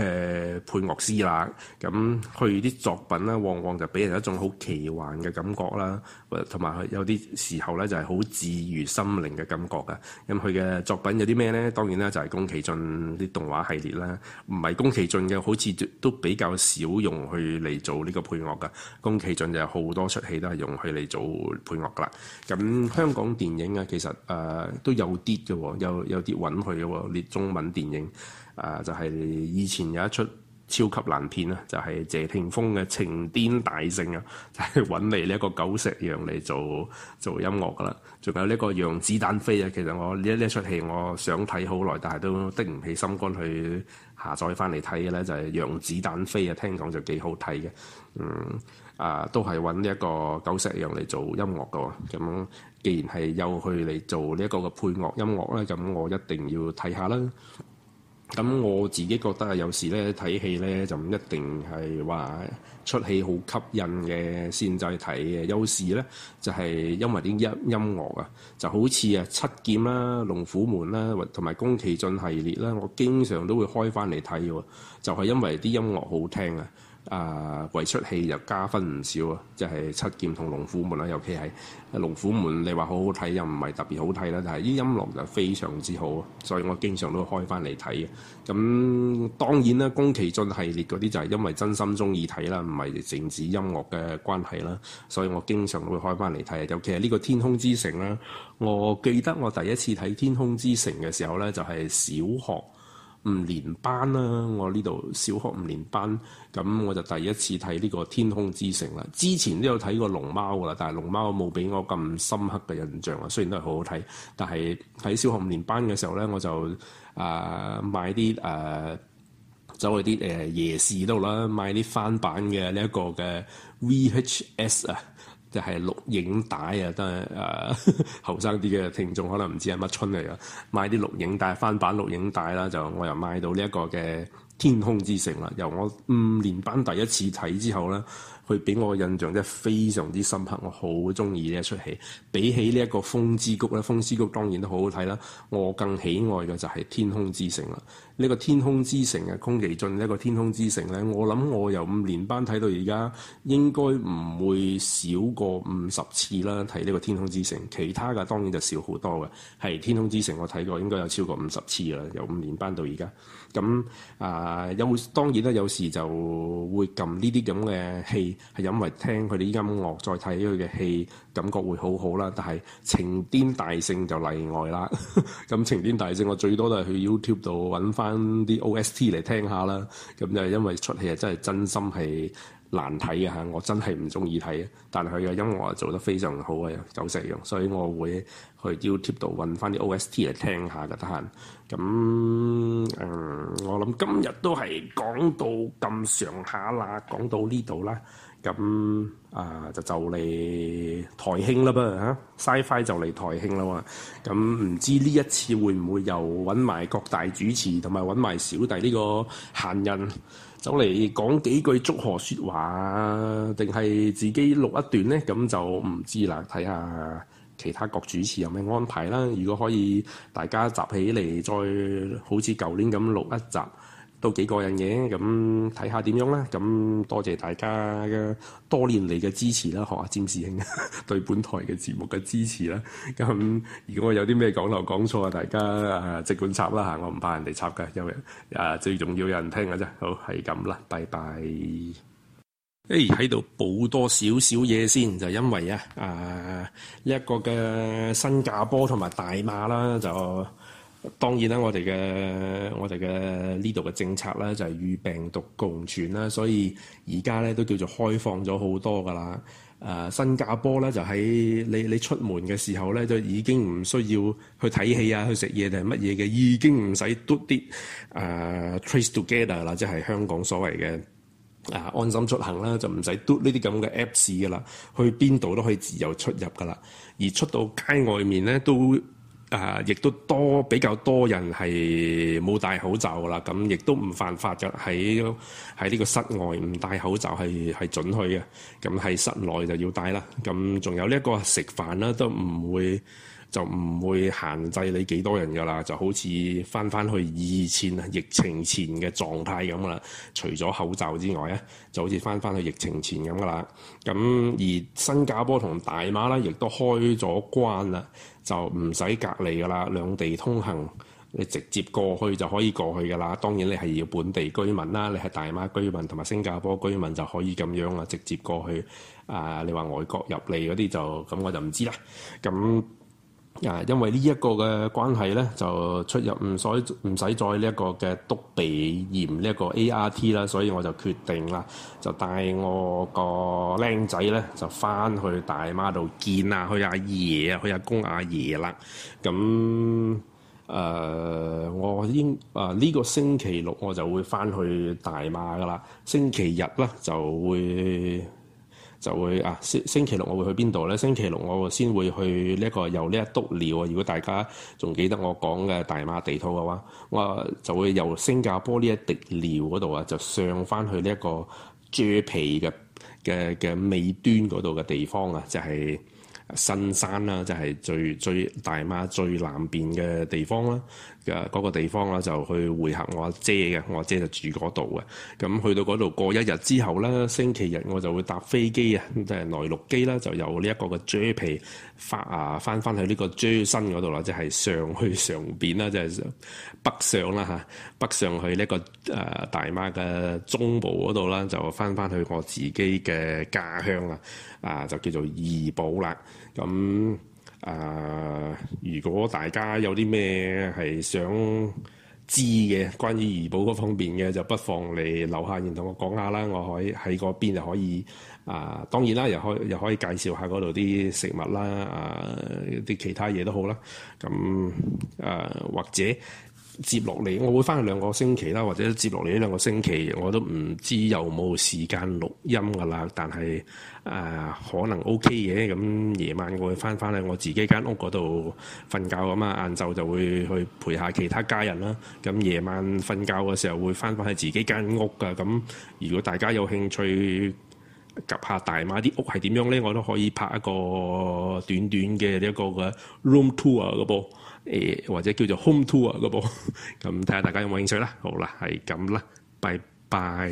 配樂師啦，咁佢啲作品咧，往往就俾人一種好奇幻嘅感覺啦，同埋佢有啲時候咧就係好治癒心靈嘅感覺噶。咁佢嘅作品有啲咩咧？當然啦，就係宮崎駿啲動畫系列啦。唔係宮崎駿嘅，好似都比較少用佢嚟做呢個配樂噶。宮崎駿就有好多出戲都係用佢嚟做配樂噶啦。咁香港電影啊，其實誒、呃、都有啲嘅，有有啲搵佢嘅列中文。電影啊、呃，就係、是、以前有一出超級爛片啊，就係、是、謝霆鋒嘅《情癲大聖》啊，就係揾嚟呢一個久石讓嚟做做音樂㗎喇。仲有呢個《讓子彈飛》啊，其實我呢呢出戲我想睇好耐，但係都的唔起心肝去下載返嚟睇嘅咧，就係《讓子彈飛》啊，聽講就幾好睇嘅。嗯啊、呃，都係揾一個久石讓嚟做音樂㗎喎。咁既然係又去嚟做呢一個嘅配樂音樂咧，咁我一定要睇下啦。咁我自己覺得啊，有時咧睇戲咧就唔一定係話出戲好吸引嘅先制睇嘅，有時咧就係因為啲音音樂啊，就好似啊七劍啦、龍虎門啦，同埋宮崎駿系列啦，我經常都會開翻嚟睇喎，就係因為啲音樂好聽啊。啊，為出戲就加分唔少啊！即係《七劍》同《龍虎門》啦，尤其係《龍虎門》，你話好好睇又唔係特別好睇啦，但係啲音樂就非常之好，所以我經常都會開翻嚟睇嘅。咁當然啦，宮崎駿系列嗰啲就係因為真心中意睇啦，唔係淨止音樂嘅關係啦，所以我經常都會開翻嚟睇。尤其係呢個《天空之城》啦，我記得我第一次睇《天空之城》嘅時候呢，就係小學。五連班啦，啊，我呢度小學五連班，咁我就第一次睇呢個《天空之城》啦。之前都有睇過《龍貓》噶啦，但係《龍貓》冇俾我咁深刻嘅印象啊。雖然都係好好睇，但係喺小學五連班嘅時候咧，我就誒、呃、買啲誒、呃，走去啲誒夜市度啦，買啲翻版嘅呢一個嘅 VHS 啊。就係、是、錄影帶啊，都係誒後生啲嘅聽眾可能唔知係乜春嚟啊，買啲錄影帶，翻版錄影帶啦，就我又買到呢一個嘅《天空之城》啦。由我五年班第一次睇之後咧。佢俾我印象真係非常之深刻，我好中意呢一出戲。比起呢一個風之谷《風之谷》咧，《風之谷》當然都好好睇啦。我更喜愛嘅就係《天空之城》啦。呢個《天空之城》嘅宮崎駿呢個《天空之城》咧，我諗我由五年班睇到而家，應該唔會少過五十次啦，睇呢個《天空之城》。其他嘅當然就少好多嘅，係《天空之城》我睇過，過應該有超過五十次啦，由五年班到而家。咁啊、呃，有當然咧，有時就會撳呢啲咁嘅戲。係因為聽佢啲音樂再睇佢嘅戲，感覺會好好啦。但係情癲大聖就例外啦。咁情癲大聖我最多都係去 YouTube 度揾翻啲 OST 嚟聽下啦。咁就因為出戲啊，真係真心係難睇嘅嚇，我真係唔中意睇。但係佢嘅音樂啊，做得非常好啊，有實用，所以我會去 YouTube 度揾翻啲 OST 嚟聽下嘅。得閒。咁、嗯、誒，我諗今日都係講到咁上下啦，講到呢度啦。咁啊，就就嚟台慶啦噃嚇，SciFi 就嚟台慶啦喎！咁唔知呢一次會唔會又揾埋各大主持同埋揾埋小弟呢個閒人走嚟講幾句祝賀説話，定係自己錄一段呢？咁就唔知啦，睇下其他各主持有咩安排啦。如果可以，大家集起嚟再好似舊年咁錄一集。都幾過癮嘅，咁睇下點樣啦。咁多謝大家嘅多年嚟嘅支持啦，學下占士兄對本台嘅節目嘅支持啦。咁如果我有啲咩講漏講錯啊，大家啊即管插啦嚇、啊，我唔怕人哋插㗎，因為啊最重要有人聽㗎啫。好，係咁啦，拜拜。誒，喺度補多少少嘢先，就因為啊啊一個嘅新加坡同埋大馬啦，就。當然啦，我哋嘅我哋嘅呢度嘅政策咧就係、是、與病毒共存啦，所以而家咧都叫做開放咗好多噶啦。誒、呃，新加坡咧就喺你你出門嘅時候咧，就已經唔需要去睇戲啊，去食嘢定係乜嘢嘅，已經唔使嘟啲誒 Trace Together 或者係香港所謂嘅啊安心出行啦，就唔使嘟呢啲咁嘅 apps 噶啦，去邊度都可以自由出入噶啦，而出到街外面咧都。誒、呃，亦都多比較多人係冇戴口罩啦，咁亦都唔犯法，就喺喺呢個室外唔戴口罩係係準許嘅，咁喺室內就要戴啦。咁仲有呢、這、一個食飯啦，都唔會。就唔會限制你幾多人噶啦，就好似翻翻去以前疫情前嘅狀態咁啦。除咗口罩之外咧，就好似翻翻去疫情前咁噶啦。咁而新加坡同大馬呢，亦都開咗關啦，就唔使隔離噶啦，兩地通行，你直接過去就可以過去噶啦。當然你係要本地居民啦，你係大馬居民同埋新加坡居民就可以咁樣啦，直接過去。啊，呃，你話外國入嚟嗰啲就咁我就唔知啦。咁啊，因為呢一個嘅關係咧，就出入唔使唔使再呢一個嘅篤鼻炎呢一個 ART 啦，所以我就決定啦，就帶我個僆仔咧，就翻去大馬度見啊，去阿爺啊，去阿公阿爺啦。咁誒、呃，我應啊呢、呢個星期六我就會翻去大馬噶啦，星期日咧就會。就會啊，星星期六我會去邊度咧？星期六我先會去呢、這、一個由呢一篤尿啊！如果大家仲記得我講嘅大馬地圖嘅話，我就會由新加坡呢一滴尿嗰度啊，就上翻去呢一個鋸皮嘅嘅嘅尾端嗰度嘅地方啊，就係、是、新山啦，就係、是、最最大馬最南邊嘅地方啦。嘅、那、嗰個地方啦，就去會合我阿姐嘅，我阿姐就住嗰度嘅。咁去到嗰度過一日之後咧，星期日我就會搭飛機啊，即係內陸機啦，就由呢一個嘅遮皮翻啊，翻翻去呢個遮新嗰度啦，即係上去上邊啦，即、就、係、是、北上啦嚇，北上去呢個誒大馬嘅中部嗰度啦，就翻翻去我自己嘅家鄉啊，啊就叫做怡保啦，咁。啊、呃！如果大家有啲咩係想知嘅，關於醫保嗰方面嘅，就不妨你留下言同我講下啦，我可以喺嗰邊就可以啊、呃。當然啦，又可又可以介紹下嗰度啲食物啦，啊、呃、啲其他嘢都好啦。咁啊、呃，或者接落嚟，我會翻去兩個星期啦，或者接落嚟呢兩個星期，我都唔知有冇時間錄音噶啦，但係。誒、啊、可能 OK 嘅，咁夜晚我會翻翻喺我自己間屋嗰度瞓覺咁啊，晏晝就會去陪下其他家人啦。咁夜晚瞓覺嘅時候會翻翻去自己間屋噶。咁如果大家有興趣及下大馬啲屋係點樣呢？我都可以拍一個短短嘅一個嘅 room tour 嘅噃、呃，或者叫做 home tour 嘅噃。咁睇下大家有冇興趣啦。好啦，係咁啦，拜拜。